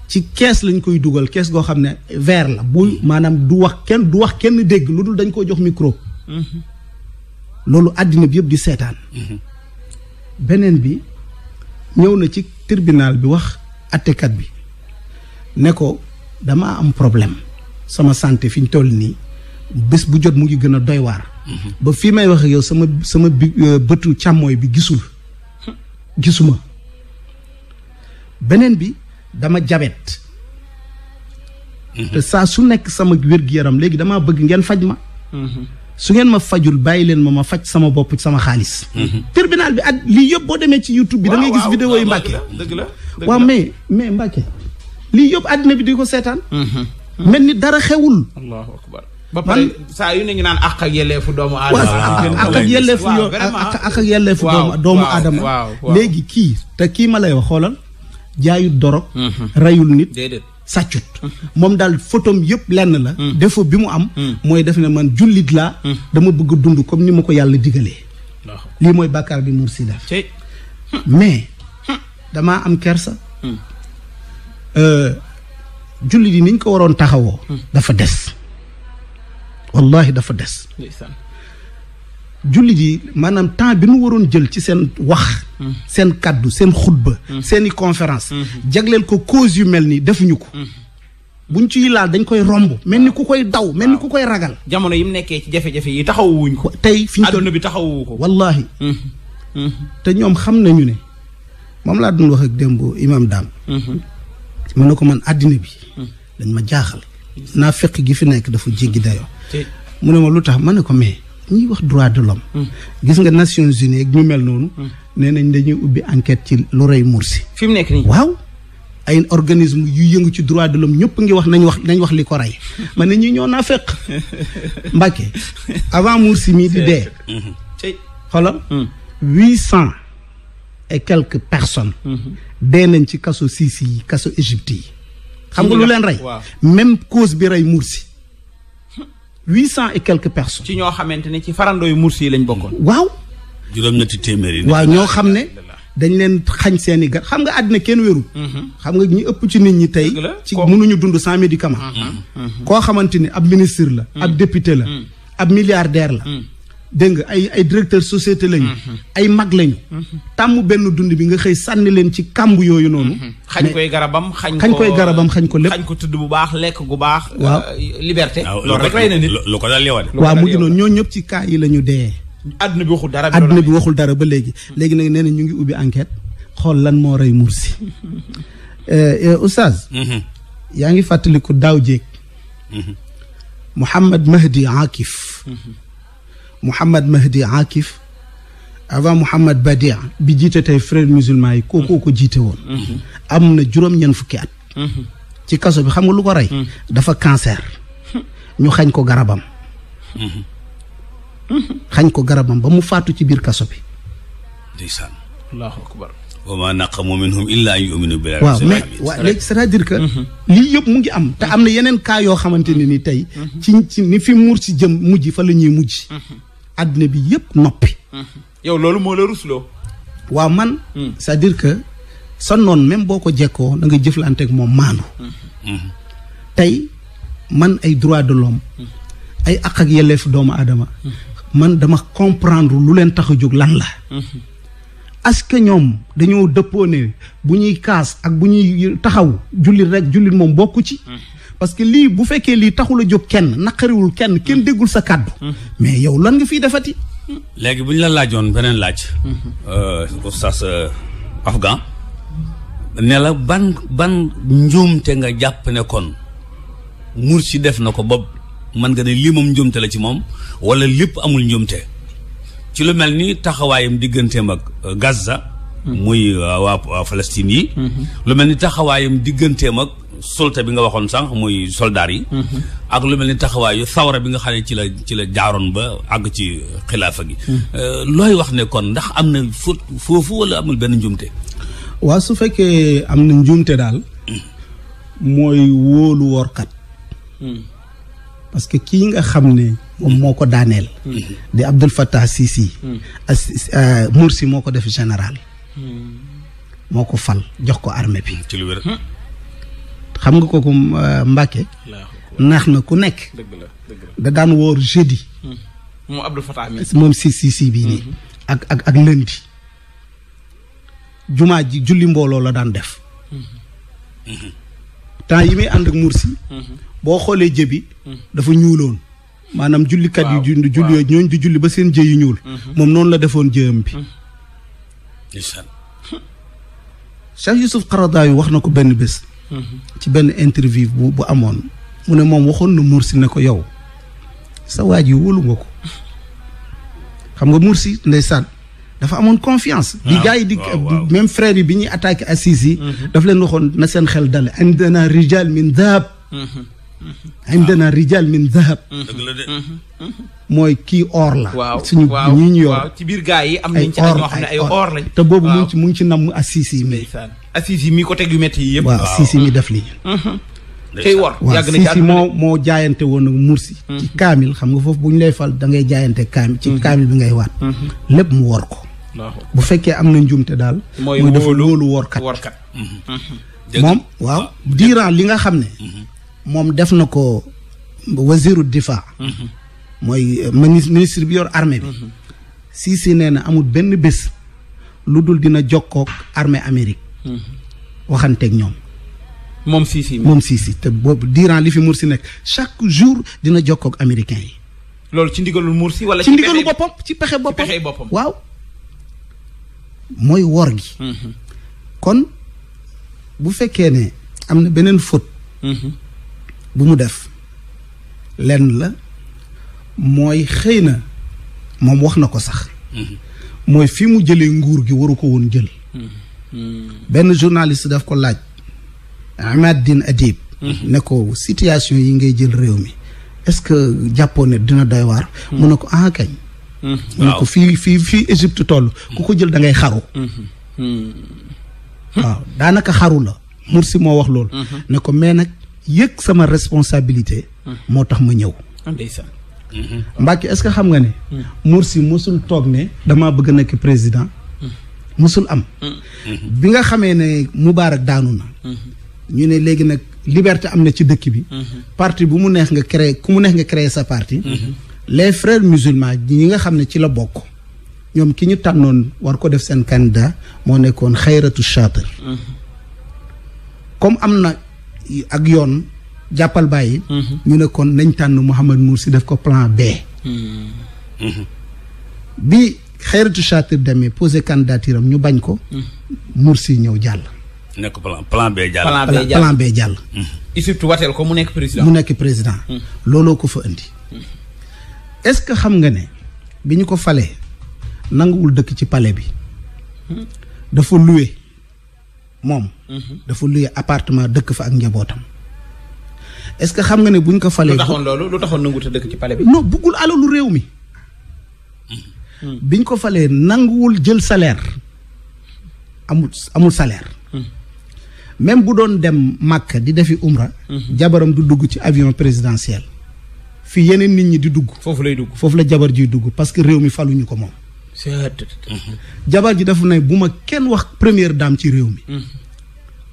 ci kees lañ koy dugal kees goo xam ne ver la bu hmm. maanaam du wax kenn du wax kenn dégg lu dul dañ ko jox micro hmm. loolu àddina bi yëpp di seetaan beneen bi ñëw na ci tribunal bi wax atekat bi ne ko dama am problème sama santé fi ñu toll nii bés bu jot mu ngi gën a doy waar. ba fii may wax yow sama sama bi euh, bëtu càmmooy bi gisul gisuma beneen bi dama jabet te saa su nekk sama wér-gu-yaram léegi damaa bëgg ngeen faj ma su ngeen ma fajul bàyyi leen ma ma faj sama bopp sama xaalis tribunal bi ak lii yëpp boo demee ci youtube bi da ngay gis vidéo yi Mbàkke dëgg waaw mais mais Mbàkke lii yëpp àddina bi di ko seetaan mhm. mel ni dara xewul ba pare saa yu ne ngi naan àq ak yelleefu doomu aadama ak ak yelleefu doomu aadama léegi kii te kii ma lay wax xoolal jaayut dorog mhm. rayul nit sàccut mhm. moom daal photom yëpp lenn la mhm. défaut bi mu am mooy def ne man jullit laa dama bëgg dund comme ni ma ko yàlla diggalee lii mooy bàkkaar bi si def mais damaa am kersa euh, jullit yi niñ ko waroon taxawoo dafa des wallahi dafa des jullit yi maanaam temps bi nu waroon jël ci seen wax hmm. seen kàddu seen xutba hmm. seeni conférence hmm. jagleel ko cause yu mel nii defuñu ko buñ ci laal dañ koy romb mel ni ku koy daw mel ni ku koy ragal jamono yi mu nekkee ci jafe-jafe yi taxawuñ ko tey fi ñu adduna bi taxawu ko wallaahi te ñoom xam nañu ni moom laa doon wax ak démb imam daam mën na ko man àddina bi dañ ma jaaxal naa fekk gi fi nekk dafa jéggi dayoo. mu ne ma lu tax ma ne ko mais ñuy wax droit de l'homme hmm. gis nga Nations Unies ak ñu mel noonu. Hmm. nee nañ dañuy ubbi enquête ci lu rey Morsi. fi mu nekk nii waaw. ay organisme yu yëngu ci droit de l'homme ñëpp ngi wax nañ wax nañ wax li ko rey man ne ñi ñoo naa fekk Mbàkke avant Morsi mii di dee hmm. xoolal huit cent et quelque personnes dee nañ ci kaso Sisi yi kaso Égypte yi xam nga lu leen rey même cause bi rey Mursi huit cent et quelques ci ñoo xamante ne ci farandooy Mursi yi lañ bokkoon. waaw. juróom-ñetti téeméeri. waaw ñoo xam ne dañ leen xañ seen i gar xam nga àddina kenn wéru mhm. xam nga ñi ëpp ci nit ñi tey. ci mënuñu dund sans médicament. Mhm. Mhm. koo xamante ni ab ministre la. ab député la. ab milliardaire la. dégg nga ay ay directeur société lañu. Mm-hmm. ay mag lañu. Mm-hmm. tàmm benn dund bi nga xëy sànni leen ci kàmb yooyu noonu. Mm-hmm. xañ koy garabam xañ ko xañ koy garabam xañ ko lépp. xañ ko tudd bu baax lekk gu baax. waaw euh, liberté. Ah, loolu rek rey na lu ko dal yeewale. waa mu noonu ñoo ñëpp ci cas yi la ñu dee. àdduna bi waxul dara. àdduna bi waxul dara ba léegi. léegi nag nee na ñu ngi ubbi enquête xool lan moo rey Mursi. Euh, euh, Oustaz. yaa ngi fàttaliku daaw jéeg. Mouhamad Mahdi Akif. Mouhamad Mahdi Akif avant Mouhamad Badia bi jiite tey frère musulman yi kookoo ko jiite woon mm-hmm. am na juróom-ñeent fukki at mm-hmm. ci kaso bi xam nga lu ko rey mm-hmm. dafa cancer ñu xañ ko garabam xañ ko garabam ba mu faatu ci biir kaso bi ndeysaan allahu akbar wa ma naqamu minhum illa an yuminu billahi waaw mais waaw léegi cest à lii yëpp mu ngi am te am na yeneen cas yoo xamante ni tey ci ci ni fi muur si jëm mujj fa la ñuy mujj àdduna bi yëpp noppi. Mm-hmm. yow loolu moo la rusloo. waaw man. Mm. cest à que sa noon même boo ko jekkoo da nga jëflante ak moom maandu. Mm-hmm. Mm-hmm. tey man ay droit de l'homme ay àq ak yelleef doomu aadama. man dama comprendre lu leen tax a jóg lan la. est que ñoom dañoo dëppoo ne bu ñuy kaas ak bu ñuy taxaw jullit rek jullit moom bokku ci. parce que lii bu fekkee lii taxul a jóg kenn naqariwul kenn kenn déggul sa kàddu hmm. mais yow lan nga fiy defati léegi bu ñu la laajoon beneen laaj hmm. oustaz euh, afghan ne la ban ban njuumte nga jàpp ne kon Mursi def na ko ba mën nga ne lii moom njuumte la ci moom wala lépp amul njuumte ci lu mel ni taxawaayam digganteem ak euh, Gaza hmm. muy euh, waa Palestine yi lu mel ni taxawaayam digganteem ak solte bi nga waxoon sànq mooy soldaar yi mhm. ak lu mel ni taxawaayu sawra bi nga xam ne ci la ci la jaaroon ba àgg ci xilaafa gi mhm. euh, looy wax ne kon ndax am na fo foofu wala amul benn njuumte waaw su fekkee am na njuumte daal mhm. mooy wóolu workat parce que kii nga xam ne moom moo ko daaneel di Abdel Fattah Sisi euh, Mursi moo ko def général moo ko fal jox ko armée bi xam nga kooku euh, Mbacke naax na ku nekk da daan woor jeudi hmm. moom si si si bii nii hmm. ak ak lëndi jumaa ji julli mbooloo la daan def hmm. temps yi muy ànd ak Mursi boo xoolee jëbi dafa ñuuloon maanaam jullikat yi julli julli ba seen jë yu ñuul moom noonu la defoon jëyam bi Cheikh Youssouf Qaradawi wax na ko benn bés ci benn interview bu bu amoon mu ne moom waxoon na Morsi ne ko yow sa waa ji wóolu nga ko xam nga Morsi ndeysaan dafa amoon confiance. di gars yi di même frère yi bi ñuy attaqué Assisi yi. Mhm. daf leen waxoon na seen xel dal indana rijal min dahab mhm. mhm. indana ah. rijal min mooy kii or la. waaw suñu ñii ñu yor ci biir gaa yi am nañ ci ñoo xam ne ay or lañ. te boobu mu ci mu ngi ci namm assises yi mi. assises yi mi ko teg yu yi yëpp. waaw assises mi def lii. Mhm. tey war yàgg na ci moo jaayante woon ak Mursi. Mhm. ci kaamil xam nga foofu bu ñu lay fal dangay jaayante kaamil. ci mhm. kaamil bi ngay waat. lépp mu wor ko. bu fekkee am na njumte daal. mooy dafa loolu workat workat. moom waaw ah, diiran li nga xam ne. moom def na ko waziru difa mooy euh, ministre bi yor armée bi Cissé mhm. nee na amul benn bés lu dul dina jokkook armée Amérique mhm. waxanteek ñoom moom Cissé moom Cissé te boobu durant li fi Morsi nekk chaque jour dina jokkook américain yi loolu ci ndigalul Morsi wala ci ndigalu boppam ci pexe boppam waaw mooy wor gi mhm. kon bu fekkee ne am na beneen faute bu mu def lenn la mooy xëy na moom wax na ko sax mooy fi mu jëlee nguur gi waru ko woon jël benn journaliste daf ko laaj Ahmad Din Adib ne ko situation yi ngay jël réew mi est-ce que jàppoon ne dina doy waar mu ne ko ah kañ mu ne ko fii fii fii Égypte toll ku ko jël da ngay xaru waaw daanaka xaru la Mursi moo wax loolu mhm. ne ko mais nag yëg sama responsabilité mhm. moo tax ma ñëw Mbacke est-ce que xam nga ne. Morsi mosul toog ne damaa bëgg nekk président. mosul am. bi nga xamee ne Moubarak daanu na. ñu ne léegi nag liberté am na ci dëkk bi. parti bu mu neex nga créer ku mu neex nga créer sa parti. les frères ji ñi nga xam ne ci la bokk. ñoom ki ñu tànnoon war ko def seen candidat moo nekkoon xayratu chaatir comme am na ak yoon. jàppal bàyyi. Mhm. ñu ne kon nañ tànn Mouhamed Moursi def ko plan B. Mhm. Mhm. bi Xayratu Chatib demee posé candidature am ñu bañ ko. Moursi ñëw jàll. nekk plan plan jàll. plan B ko mu nekk président. mu président. looloo ko fa indi. est-ce que xam nga ne bi ñu ko falee nanguwul dëkk ci pale bi. dafa loué moom. dafa loué appartement dëkk fa ak njabootam. est-ce que xam nga ne buñ ko falee. lu taxoon loolu lu taxoon nanguwul dëkk ci palais bi. non buggul alalu réew mi. biñ ko falee nanguwul jël saleer amul amul saleer même bu doon dem Màkka di defi umra. jabaram du dugg ci avion présidentiel. fi yeneen nit ñi di dugg. foofu lay dugg foofu la jabar jiy dugg parce que réew mi faluñu ko moom. jabar ji dafa ne bu ma kenn wax première dame ci réew mi.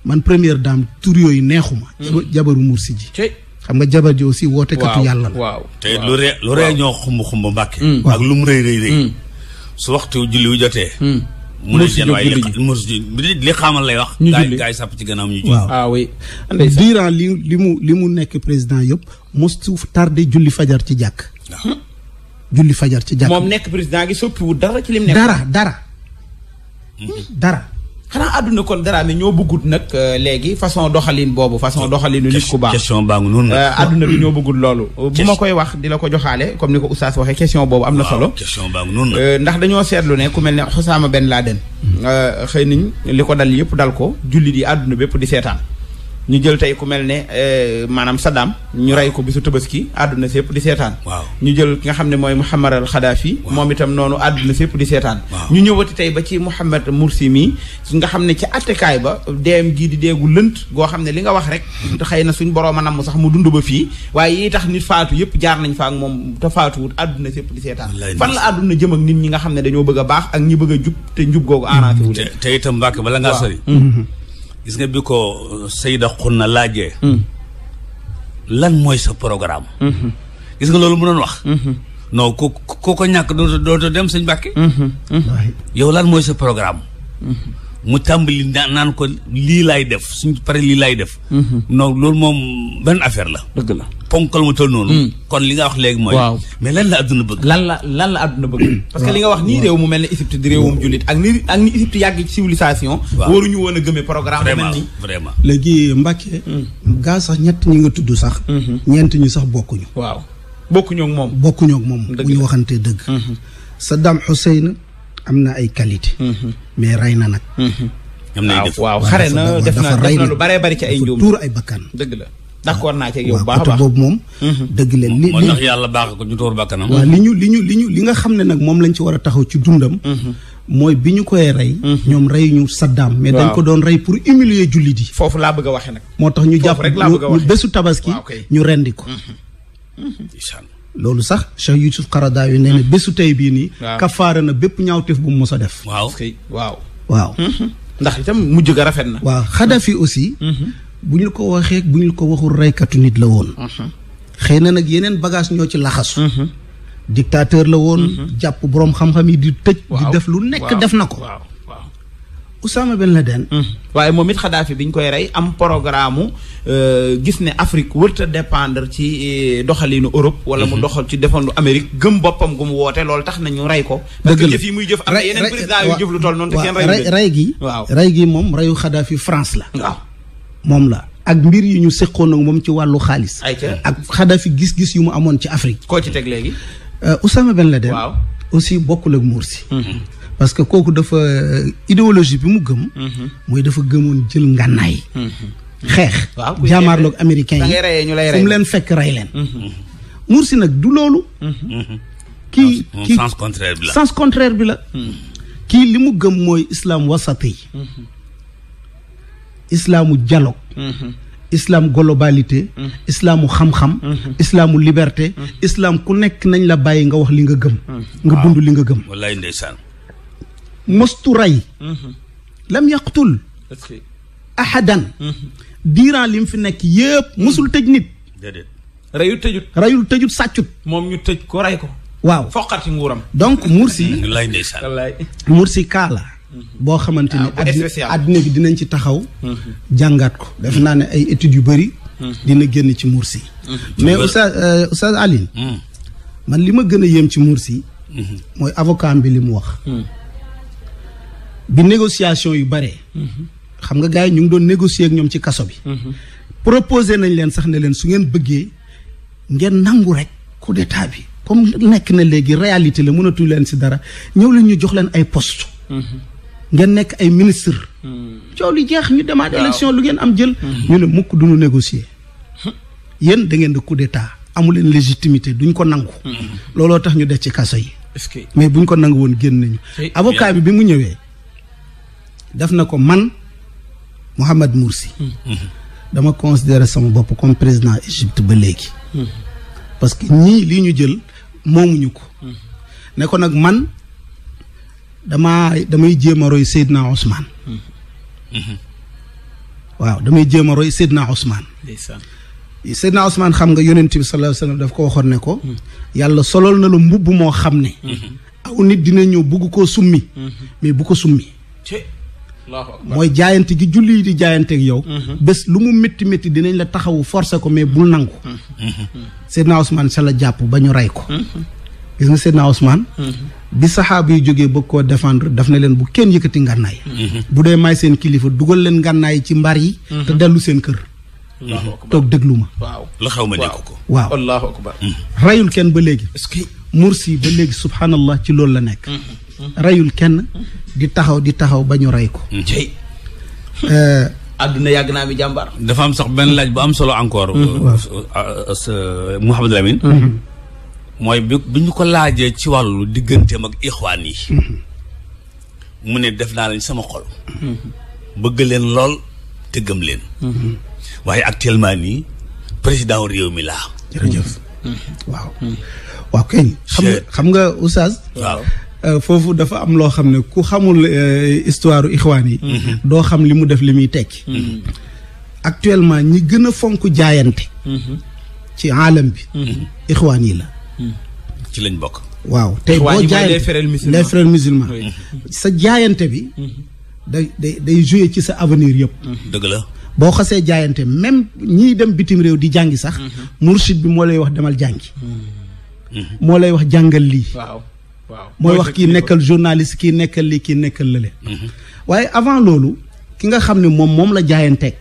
man première dame tur yooyu neexuma. Hmm. jabaru Mursi ji. xam nga jabar ji aussi wootekatu yàlla la. waaw te lu ree lu ree ñoo xumb xumb mbàkke. Hmm. ak lu mu rëy rëy rëy. Hmm. su waxtu julli wu jotee. mu ne seen waaye lay wax. ñu julli gaay sàpp ci gànnaaw ñu julli. Ah li li mu li mu nekk président yëpp mosu tardé julli fajar ci jàkk. fajar ci jàkk. moom nekk président gi soppiwul dara ci lim nekk. dara dara. dara. xanaa àdduna kon Dramé ñoo bëggut nag euh, léegi façon doxalin boobu façon doxaliinu nit ku baax question baa ngi noonu nag euh, àdduna bi ñoo bëggul loolu bu ma koy wax di la ko joxaale comme ni ko oustaz waxee question boobu am na solo question baa euh, ndax dañoo seetlu ne ku mel ne Osama Ben Laden hmm. xëy nañ li ko dal yëpp dal ko jullit yi àdduna bépp di seetaan ñu jël tey ku mel ne euh, maanaam Saddam ñu rey ko bisu tabaski àdduna sépp di seetaan ñu jël ki nga xam ne mooy Mouhammad al Khadafi moom itam noonu àdduna sépp di seetaan ñu ñëwati tey ba ci Mouhammad Mursi mii nga xam ne ci attekaay ba deem gii di deegu lënt goo xam ne li nga wax rek hmm. xëy na suñ boroom a namm sax mu dund ba fii waaye yi tax nit faatu yëpp jaar nañ fa ak moom te àdduna sépp di seetaan fan la àdduna jëm ak nit ñi nga xam ne dañoo bëgg a baax ak ñi bëgg a jub te njub googu hmm. arrangé wu te itam Mbàkke bala ngaa sori hmm. gis nga bi ko euh, Seyda Xunna laajee hmm. lan mooy sa programme hmm. gis nga loolu mu doon wax hmm. noo ko ku ko ñàkk dootu dootu dem sëñ Mbàkke yow lan mooy sa programme mu tàmbali naan ko lii laay def suñ pare lii laay def. Mhm. non loolu moom benn affaire la. dëgg la ponkal mu toll noonu. Hmm. kon li nga wax léegi mooy. waaw mais lan la adduna bëgg. lan la lan la adduna bëgg. Hmm. parce que li nga wax nii hmm. réew mu mel ne Égypte di réewum jullit ak ni ak ni yàgg ci civilisation. waaw waruñu woon a gëmee programme. vraiment léegi Mbacke. gaa sax ñett ñi nga tudd sax. ñeent ñu sax bokkuñu. waaw bokkuñu ak moom. bokkuñu moom bu ñu waxantee dëgg. sa Saddam Hussein. am na ay qualité mhm. mais rey na nag mhm. am na waaw xare na def na def na lu bare bari ci ay njuum tuur ay bakkan dëgg la d'accord naa ci yow bu a baax boobu moom mhm. dëgg la li moo yàlla baax ñu tuur bakkanam waaw ñu li ñu li ñu li nga xam ne nag moom lañ ci war a taxaw ci dundam mooy bi ñu koy rey ñoom rey ñu Saddam mais dañ ko doon rey pour humilier jullit yi foofu laa bëgg a waxe nag moo tax ñu jàpp ñu bésu tabaski ñu rendi ko loolu sax Cheikh Yusuf Qaradawi yu nee na bésu tey bii nii. kafaara na bépp ñaawteef bu mu mos a def. waaw waaw. waaw. Mhm. ndax itam mujj ga rafet na. waaw Xadafi aussi. Mhm. bu ñu ko waxee bu ñu ko waxul reykatu nit la woon. Mhm. xëy na nag yeneen bagage ñoo ci laxasu. dictateur la woon. jàpp boroom xam-xam yi di tëj. di def lu nekk def na ko. Oussama Ben Laden. Hmm. waaye moom it Kadhafi bi ñu koy rey am programme mu euh, gis ne Afrique wërta dépendre ci euh, doxalinu Europe. wala mu hmm. doxal ci defandu Amérique gëm boppam gu mu woote loolu tax na rey ko. parce que muy jëf am na yeneen président yu jëf lu rey gi waaw rey gi moom reyu Kadhafi France la. waaw moom la. ak mbir yu ñu seqoon ak moom ci wàllu xaalis. ak Kadhafi gis-gis yu mu amoon ci Afrique. koo ci teg léegi. Euh, Oussama Ben Laden. waaw aussi bokkul ak si parce que kooku dafa euh, idéologie bi mu gëm. Mhm. mooy dafa gëmoon jël ngànnaay. Mhm. xeex. waaw jaamaarloog américain yi fu mu leen fekk rey leen. Mursi mhm. nag du loolu. kii kii sens contraire bi la kii li mu gëm mooy islam wasat yi. islamu dialogue. islam globalité. islaamu xam-xam. islamu liberté. islam ku nekk nañ la bàyyi nga wax li nga gëm. nga dund li nga gëm. wallaay mëstu rey mhm. lam yaqtul ahadan mhm. diiraan li mu fi nekk yëpp mosul tëj nit reyul tëjut reyul tëjut sàccut moom ñu tëj ko rey ko waaw foqati nguuram donc Mursi lay ndeysaan Mursi kaala mhm. boo xamante ni àddina ah, bi dinañ ci taxaw jàngaat ko def naa ne ay études yu bëri dina génn ci Mursi mais oustaz euh, oustaz Aline man li ma gën a yéem ci Mursi mooy avocat bi li mu wax bi négociation yu bare. xam nga gars yi ñu ngi doon négocier ak ñoom ci kaso bi. proposé nañ leen sax ne leen su ngeen bëggee ngeen nangu rek coup d'état bi comme nekk na léegi réalité la mënatul leen si dara ñëw leen ñu jox leen ay post ngeen nekk ay ministre coow lu jeex ñu demaat élection lu ngeen am jël. ñu ne mukk du ñu négocier. yéen da ngeen di coup d'état amu leen légitimité duñ ko nangu. Hmm. looloo tax ñu des ci kaso yi. mais buñ ko nangu woon génn nañu. avocat bi bi mu ñëwee. def na ko man Mouhamed Moursi dama considérer sama bopp comme président Égypte ba léegi parce que ñii lii ñu jël moomuñu ko ne ko nag man damaa damay jéem a roy Seydina Ousmane waaw damay jéem a roy Seydina Ousmane Seydina Ousmane xam nga yonent bi sallallahu alayhi wasallam daf ko waxoon ne ko yàlla solol na la mbubb moo xam ne mhm. aw nit dina ñëw bugg koo summi mhm. mais bu ko summi mooy jaayante gi julli yi di jaayanteek yow mhm. bés lu mu métti métti dinañ la taxawu forcé ko mais bul nangu mhm. Seydina Ousmane sa la jàpp ba ñu rey ko mhm. gis nga Seydina Ousmane bi saxaaba yi jógee bëgg koo défendre daf na leen bu kenn yëkkati ngànnaay bu dee may seen kilifa dugal leen ngànnaay ci mbar yi te dellu seen kër toog déglu ma waaw la xaw ma nekk ko waaw allahu akbar reyul kenn ba léegi Mursi ba léegi subhanallah ci loolu la nekk Mhm. reyul kenn di taxaw di taxaw ba ñu rey ko mhm. euh, àdduna yàgg naa mi jàmbaar dafa am sax benn laaj bu am solo encore mhm. euh, euh, Mouhamadou Lamine mooy bi bi ñu ko laajee ci wàllu digganteem ak ixwaan yi mu ne def naa leen sama xol bëgg leen lool te gëm leen waaye actuellement nii président réew mi laa waaw kenn xam nga xam waaw Euh, foofu dafa am loo xam ne ku xamul euh, histoire ixwaan yi mhm. Mhm. doo xam li mu def li muy tekki mhm. actuellement ñi gën a fonk jaayante ci aalam bi ixwaan yi la ci lañ bokk waaw tey boo jaayante les frères musulmans sa jaayante bi day day day joué ci sa avenir yëpp dëgg la boo xasee jaayante même ñiy dem bitim réew di jàngi sax mursid bi moo lay wax demal jàngi moo lay wax jàngal lii waaw mooy wax kii nekkal journaliste kii nekkal lii kii nekkal lële. Mhm. waaye avant loolu ki nga xam ne moom moom la jaayanteeg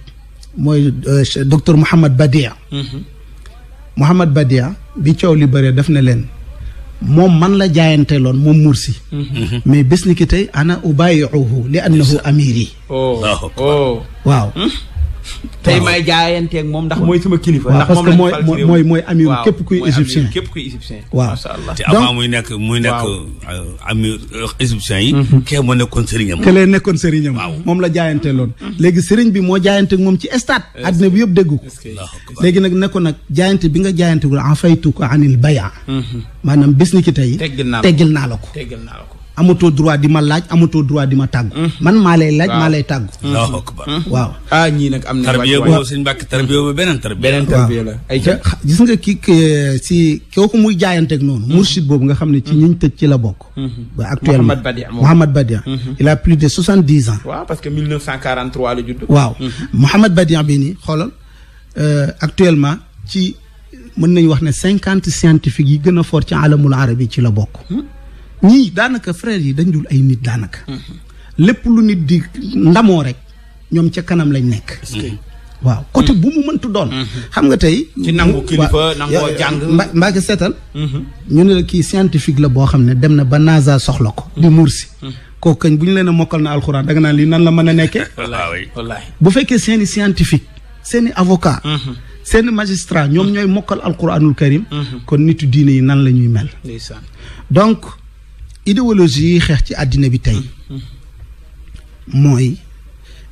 mooy euh, docteur Mouhamad Badia. Mhm. Mouhamad Badia bi coow li bëree def na leen moom man la jaayante loon moom Mursi. Mhm. mais bés ni ki tey ana ubayiuhu li annahu amiri. Oh. Oh. waaw. Hmm? tey may jaayanteeg moom ndax mooy sama kilifa. ndax moom la ñu fal mooy mooy amiru képp kuy égyptien képp kuy égyptien. waaw te avant muy nekk muy nekk euh, amir euh, égyptien yi. Mhm. kee moo nekkoon sëriñam. ke lee nekkoon sëriñam. moom la jaayante loon. Mhm. léegi sëriñ bi moo jaayanteek moom ci stade. addina bi yëpp dégg ko. léegi nag ne ko nag jaayante bi nga jaayante wul en faytu ko anil baya. Mhm. maanaam bis ni ki tey. teggil naa la ko teggil naa la ko. amatoo droit di ma laaj amatoo droit di ma tàggu. Mhm. man maa lay laaj maa lay tàggu. Mhm. allahu mhm. waaw. ah ñii nag am na. tarbiya boobu sëñ Mbàkke tarbiya ba beneen tarbiya. beneen tarbiya la ay ca gis nga kii si kooku muy jaayanteeg noonu. mursid boobu nga xam ne ci ñu tëj ci la bokk. ba actuellement Mouhamad Badia Mouhamad Badia. il a plus de soixante dix ans. waaw parce que 1943 la judd. waaw Mouhamad Badia bi nii xoolal euh, actuellement ci mën nañu wax ne cinquante scientifique yi gën a fort ci alamul arabi ci la bokk. ñii daanaka frère yi dañ dul ay nit daanaka. lépp lu nit di ndamoo rek ñoom ca kanam lañ nekk. waaw côté bu mu mëntu doon. Mm-hmm. xam nga tey. ci nangu kilifa nangoo jàng. mbaa seetal. Mm-hmm. ñu ne la kii scientifique la boo xam ne dem na ba NASA soxla ko. di mursi mm-hmm. kooku kañ bu ñu leen a mokkal na alxuraan danga naa lii nan la mën a nekke wallaahi bu fekkee seen scientifique seen i avocat. seen i magistrat ñoom ñooy mokkal alxuraanul karim. kon nitu diine yi nan la ñuy mel. idéologie yi xeex ci àddina bi tey mooy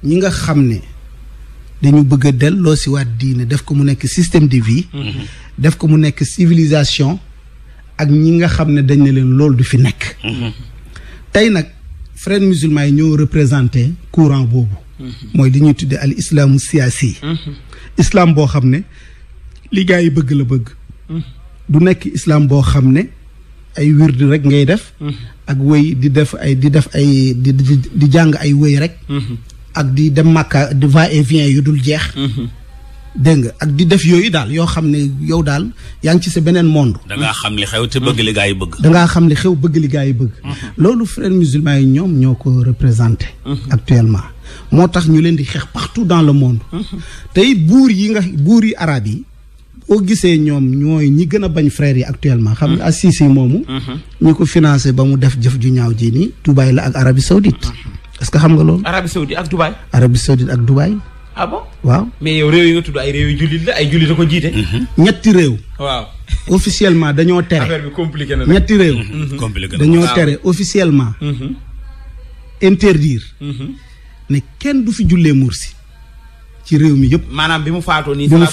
ñi nga xam ne dañu bëgg a delloo si waat diine def ko mu nekk système de vie mhm. def ko mu nekk civilisation ak ñi nga xam ne dañ ne leen lool du fi nekk mhm. tey nag frères musulmans yi ñoo représenté courant boobu mhm. mooy li ñuy tudde al islaamu siyaasi islaam boo xam ne li gaa yi bëgg la bëgg du nekk islaam boo xam ne ay wirdi rek ngay def mm-hmm. ak woy di def ay di def ay di di jàng ay wéy rek mm-hmm. ak di dem màkka di va et vient yu dul jeex mm-hmm. dégg nga ak di def yooyu daal yoo xam ne yow daal yaa ngi ci sa beneen monde da ngaa xam li xew te bëgg li yi bëgg da ngaa xam li xew bëgg yi bëgg loolu frères musulmans yi ñoom ñoo ko représenté actuellement moo tax ñu leen di xeex partout dans le monde tey buur yi nga buur yi arab yi boo gisee ñoom ñooy ñi gën a bañ frères yi actuellement xam nga Assisi moomu ñu ko financé ba mu def jëf ju ñaaw ji ni Dubaï la ak Arabie Saoudite mhm. est-ce que xam nga loolu Arabie Saoudite ak Dubaï Arabie Saoudite ak Dubaï ah waaw mais yow réew yi nga tudd ay réew yu jullit la ay jullit da ko jiite mhm. ñetti réew waaw officiellement dañoo tere affaire na ñetti réew mhm. compliqué na dañoo tere officiellement interdire ne kenn du fi jullee Mursi ci réew mi yëpp. maanaam bi mu faatoo nii. bi mu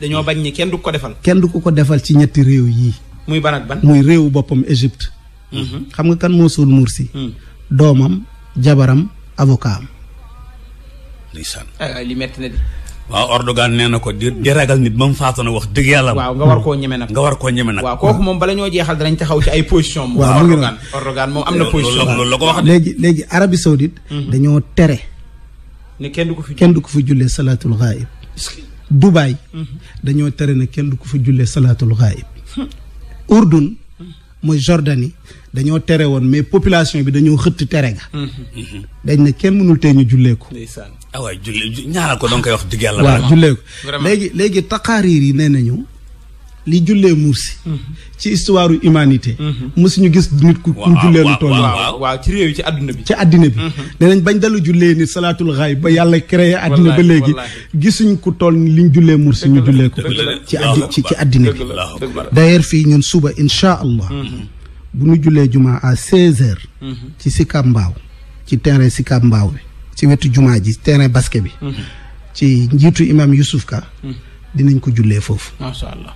dañoo bañ ni kenn du ko defal. kenn du ko ko defal ci ñetti réew yii. muy ban ban muy réewu boppam Égypte. Mhm. xam nga kan moo suul Mursi. Hmm. doomam jabaram avocat am. ndeysaan. li metti na di. waaw Erdogan nee na ko di di ragal nit ba mu faatu na wax dëgg yàlla. waaw nga war koo ñeme nag. nga war koo ñeme nag. waaw kooku moom bala ñoo jeexal danañ taxaw ci ay position moom. waaw Erdogan Erdogan moom am na position. loolu la ko wax léegi léegi Arabie Saoudite. Mhm. dañoo tere. ne kenn du ko fi kenn du ko fa jullee salaatul xaayib Dubaay mhm. dañoo tere na kenn du ko fa jullee salaatul xaayib Urdun mooy Jordanie dañoo tere woon mais population bi dañoo xëtt tere ga mhm. dañ ne kenn mënul tee ñu jullee ko ah waay jullee ñaanal ko donc koy wax dëgg yàlla waaw jullee ko léegi léegi taqaariir yi nee na ñëw li jullee Mursi. ci histoire humanité. ñu gis nit ku ñu jullee lu toll. waaw ci réew ci àdduna ci àddina bi. danañ mhm. bañ dalu jullee nit salaatul xayb ba yàlla créé àddina ba léegi gisuñ ku toll ni liñ jullee Mursi ñu jullee ko. ci àddina bi. d'ailleurs fii ñun suba incha allah. Mhm. bu ñu jullee juma à seize heures. Mhm. ci Sicap Mbao ci terrain Sicap Mbao bi. ci wetu juma ji terrain basket bi. ci njiitu imam Youssouf Ka. dinañ ko jullee foofu. macha allah.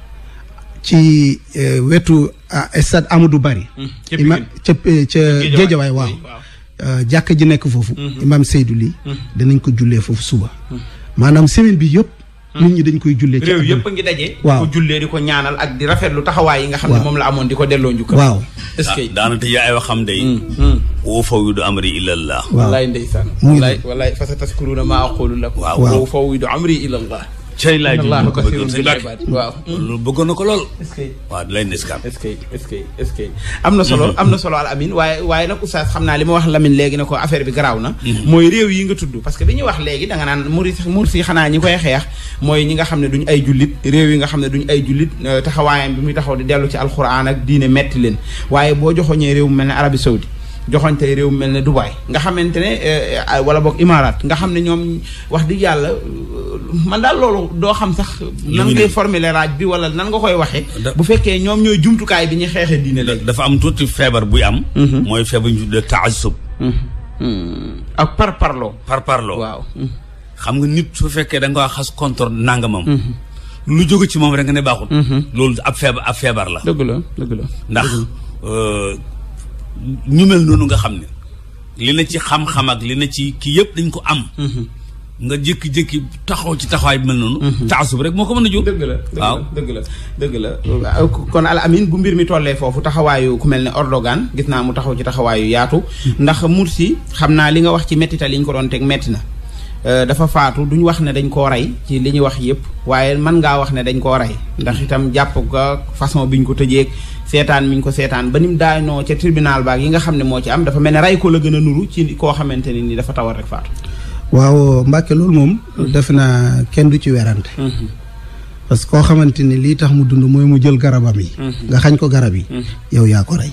ci eh, wetu ah, stade du Bari hmm. ima eh, ca ca Géejawaay waaw hmm. ah, jàkk ji nekk foofu hmm. imam Seydou lii danañ ko jullee foofu suba maanaam semaine bi yëpp nit ñi dañ koy jullee ci réew yëpp a ngi daje waaw ko ko ñaanal ak di rafetlu taxawaay yi nga xam ne moom la amoon di ko delloo njukkal waaw est-ce que daana te yaay wax xam day woo fawwidu amri ilallah wallaay ndeysaan wallaay wallaay fa sataskuruuna maa aqulu lakum woo fawwidu amri ilallah cay laay waaw mm. loolu bëggoon na ko lool. est-ce am na solo mm-hmm. am na solo al amin waaye waaye nag oustaz xam naa li ma wax Lamine léegi na ko affaire bi garaaw na. Mm-hmm. mooy réew yi nga tudd parce que bi ñuy wax léegi da nga naan muri mursi xanaa ñi koy xeex mooy ñi nga xam ne duñ ay jullit réew yi nga xam ne duñ ay jullit euh, taxawaayam bi muy taxaw di dellu ci alxuraan ak diine metti leen waaye boo joxoñee réew mu mel ne Arabie Saoudite joxoñ tey réew mel ne baay nga xamante ne eh, eh, wala boog Imaaraat nga xam ne ñoom wax dëgg yàlla euh, man daal loolu doo xam sax nan ngay formuler bi wala nan koy waxee bu fekkee ñoom ñooy jumtukaay bi ñu xeexee diine léegi dafa am tuuti feebar buy am mhm. mooy feebar ñu de taasub mhm. hmm. ak par parloo par parloo waaw xam nga nit su fekkee danga nga xas contre nangamam mhm. lu jóge ci moom rek nga ne baaxul loolu ab feebar ab feebar la dëgg la dëgg la ndax euh, ñu mel noonu nga xam ne li na ci xam-xam li na ci kii yëpp dañ ko am. Mhm. nga jékki-jékki taxaw ci taxawaay bi mel noonu. Mhm. taasub rek moo ko mën a jur. dëgg la dëgg la dëgg la dëgg la. kon al amin bu mbir mi tollee foofu taxawaayu ku mel ne ordogan gis naa mu taxaw ci taxawaayu yaatu. Mhm. ndax si xam naa li nga wax ci métti ta li ñu ko doon teg métti na. Euh, dafa faatu duñ wax ne dañ koo rey ci li ñuy wax yëpp waaye mën ngaa wax ne dañ koo rey ndax itam jàpp ka façon biñ ko tëjeeg seetaan mi ñu ko seetaan ba ni mu daanoo ca tribunal baag yi nga xam ne moo ci am dafa mel ne rey ko la gën a nuru ci koo xamante ne ni tawar rek faatu. waaw Mbacke loolu moom. defe naa kenn du ci werante. Mhm. que koo xamante ni lii tax mu dund mooy mu jël garabam yi. Mhm. nga xañ ko garab yi. Mhm. yow yaa ko rey.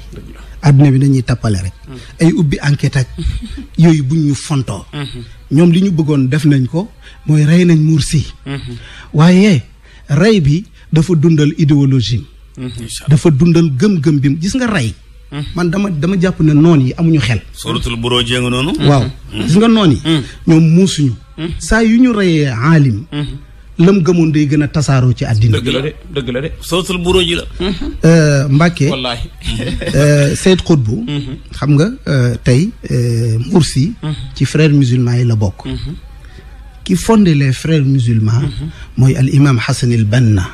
àdduna bi dañuy tappale rek. Mm. ay ubbi enquête ak yooyu bu ñu fontoo. Mm-hmm. ñoom li ñu bëggoon def nañ ko mooy rey nañ Mursi. Mm-hmm. waaye rey bi dafa dundal idéologie mm-hmm. dafa dundal gëm-gëm bi gis nga rey. man dama dama jàpp ne noon yi amuñu xel. suratul buroo jénga noonu. waaw gis nga noon yi. ñoom muusuñu. saa yu ñu reyee aalim lam gëmoon day gën a tasaaroo ci àddina dëgg la de dëgg la de sootul bureau ji la euh, Mbàkke wallaahi euh, Seyd Xutbu xam nga euh, tey Mursi ci frères musulmans yi la bokk ki fondé les frères mooy al imam Hassan al Banna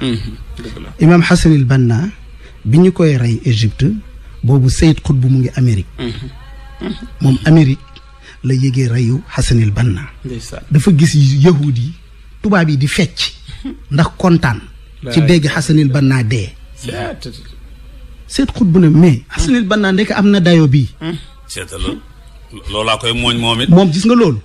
imam Hassan al Banna bi ñu koy rey Égypte boobu Seyd bu mu ngi Amérique moom Amérique la yégee reyu Hassan al Banna dafa gis yahud yi tubaab yi di fecc ndax kontaan ci dégg xasanil bannaa dee seet xut bu ne mais xasanil bannaa ndekk am na dayo bii hmm. seetal loolaa koy mooñ moom moom gis nga loolu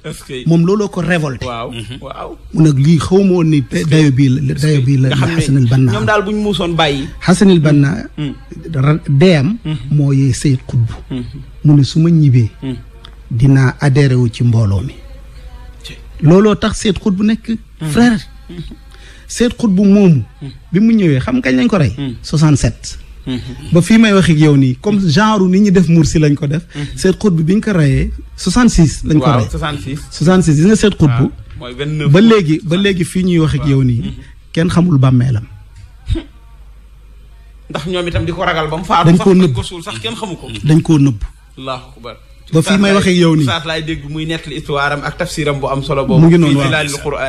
moom looloo ko révolté waaw mhm. waaw nag lii xaw ma woon ni dayo bii dayo bii la xasanil bannaa ñoom daal bu ñu muusoon bàyyi xasanil bannaa hmm. deyam hmm. moo yee seet xut bu mu ne su ma ñibbee dinaa adhéré ci mbooloo mi looloo tax seet xut bu nekk frère seet xut bu moomu bi mu ñëwee xam kañ lañ ko rey 67 hmm. hmm. ba fii may wax ak yow nii comme genre ni ñu def Mursi lañ ko def hmm. seet xut bi bi ñu ko reyee 66 lañ ko rey 66 66 gis nga seet xut bu ah, ba léegi ba léegi fii ñuy wax ak yow nii kenn xamul bàmmeelam ndax ñoom itam di ko ragal ba mu faatu dañ koo ko dañ koo nëbb allahu ba fii may waxee yow nii Oustaz laay dégg muy nettali histoire am ak tafsiram bu am solo boobu. mu ngi noonu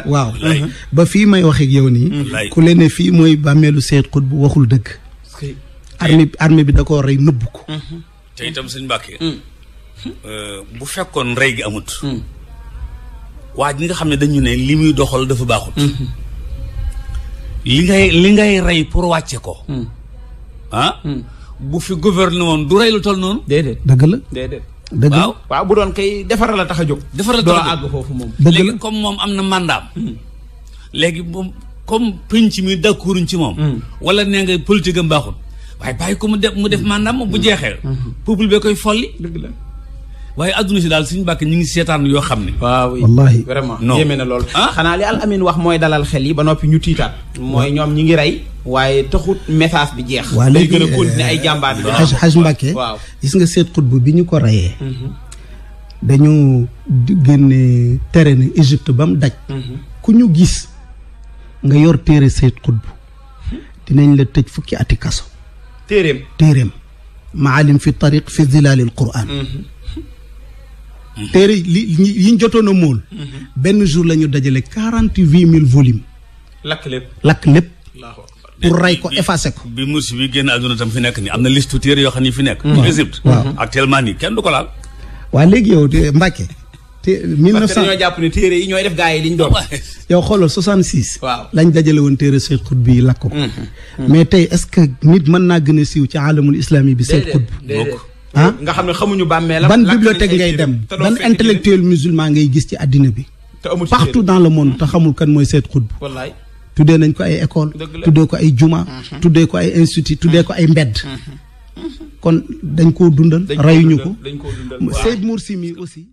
waaw mhm. ba fii may waxee yow nii. ku leen ne fii mooy bàmmeelu Seyd Xutb bu waxul dëgg. armée armée bi da koo rey nëbb ko. Mhm. te itam suñu mm. euh, bu fekkoon rey gi amut. Mm. waa ji nga xam ne dañu ne li muy doxal dafa baaxut. Mm-hmm. li ngay li ngay rey pour wàcce ko. Mm. Ah? bu fi gouvernement du rey la toll noonu. déedéet dëgg la déedéet. dëgg waaw waaw bu doon kay defaral la tax a jóg. defaral tax a jóg doo àgg foofu moom. dëgg léegi comme moom am na mandaam. Hmm. léegi moom comme penc mi d'accorduñ ci moom. Hmm. wala nee nga politique am baaxul. waaye bàyyi ko mu def mu def mandaam bu hmm. jeexee. peuple bee koy folli. dëgg la waaye adduna si daal suñu bàkk ñu ngi seetaan yoo xam ne. waaw wallaahi vraiment yéeme na lool. Ah? xanaa li al amin wax mooy dalal xel yi ba noppi ñu tiitaat. mooy ñoom ñi ngi rey. waaye taxut message bi jeex. waaw léegi ay euh, jàmbaar gis nga seet xut bu bi ñu ko reyee. Mhm. dañu génne terrain Égypte ba mu daj. Mhm. ku ñu gis nga yor téere seet xut bu dinañ la tëj fukki ati kaso. téereem téereem. maalim fi tariq fi zilalil Qur'an. Mhm. téere li yi ñu jotoon a mool. benn jour la ñu dajale quarante huit mille volumes. lakk lépp lakk lépp. pour rey ko effacé ko. bi Mursi bi génn àdduna tam fi nekk nii am na liste téere yoo xam ne fi nekk. waaw mm. ci Égypte. Mm. actuellement nii kenn du ko laal. waa léegi yow Mbacke. te 1900 jàpp ne téere yi ñooy def gaa yi liñ doon. Ah yow xoolal 66. waaw lañ dajale woon téere Seyd Xutb bi lakk ko. Mm-hmm. Mm-hmm. mais tey est-ce que nit mën naa gën a siiw ci alamul islami bi. Seyd Xutb ah nga xam ne xamuñu bàmmeelam ban bibliothèque ngay dem ban intellectuel musulman ngay gis ci àddina bi. partout dans le monde te xamul kan mooy Seyd Xutb. wallaay tuddee nañ ko ay école tuddee ko ay juma mhm. tuddee ko ay institut tuddee ko ay mhm. mbedd mhm. kon dañ koo dundal reyuñu ko Seyd Mursi mi aussi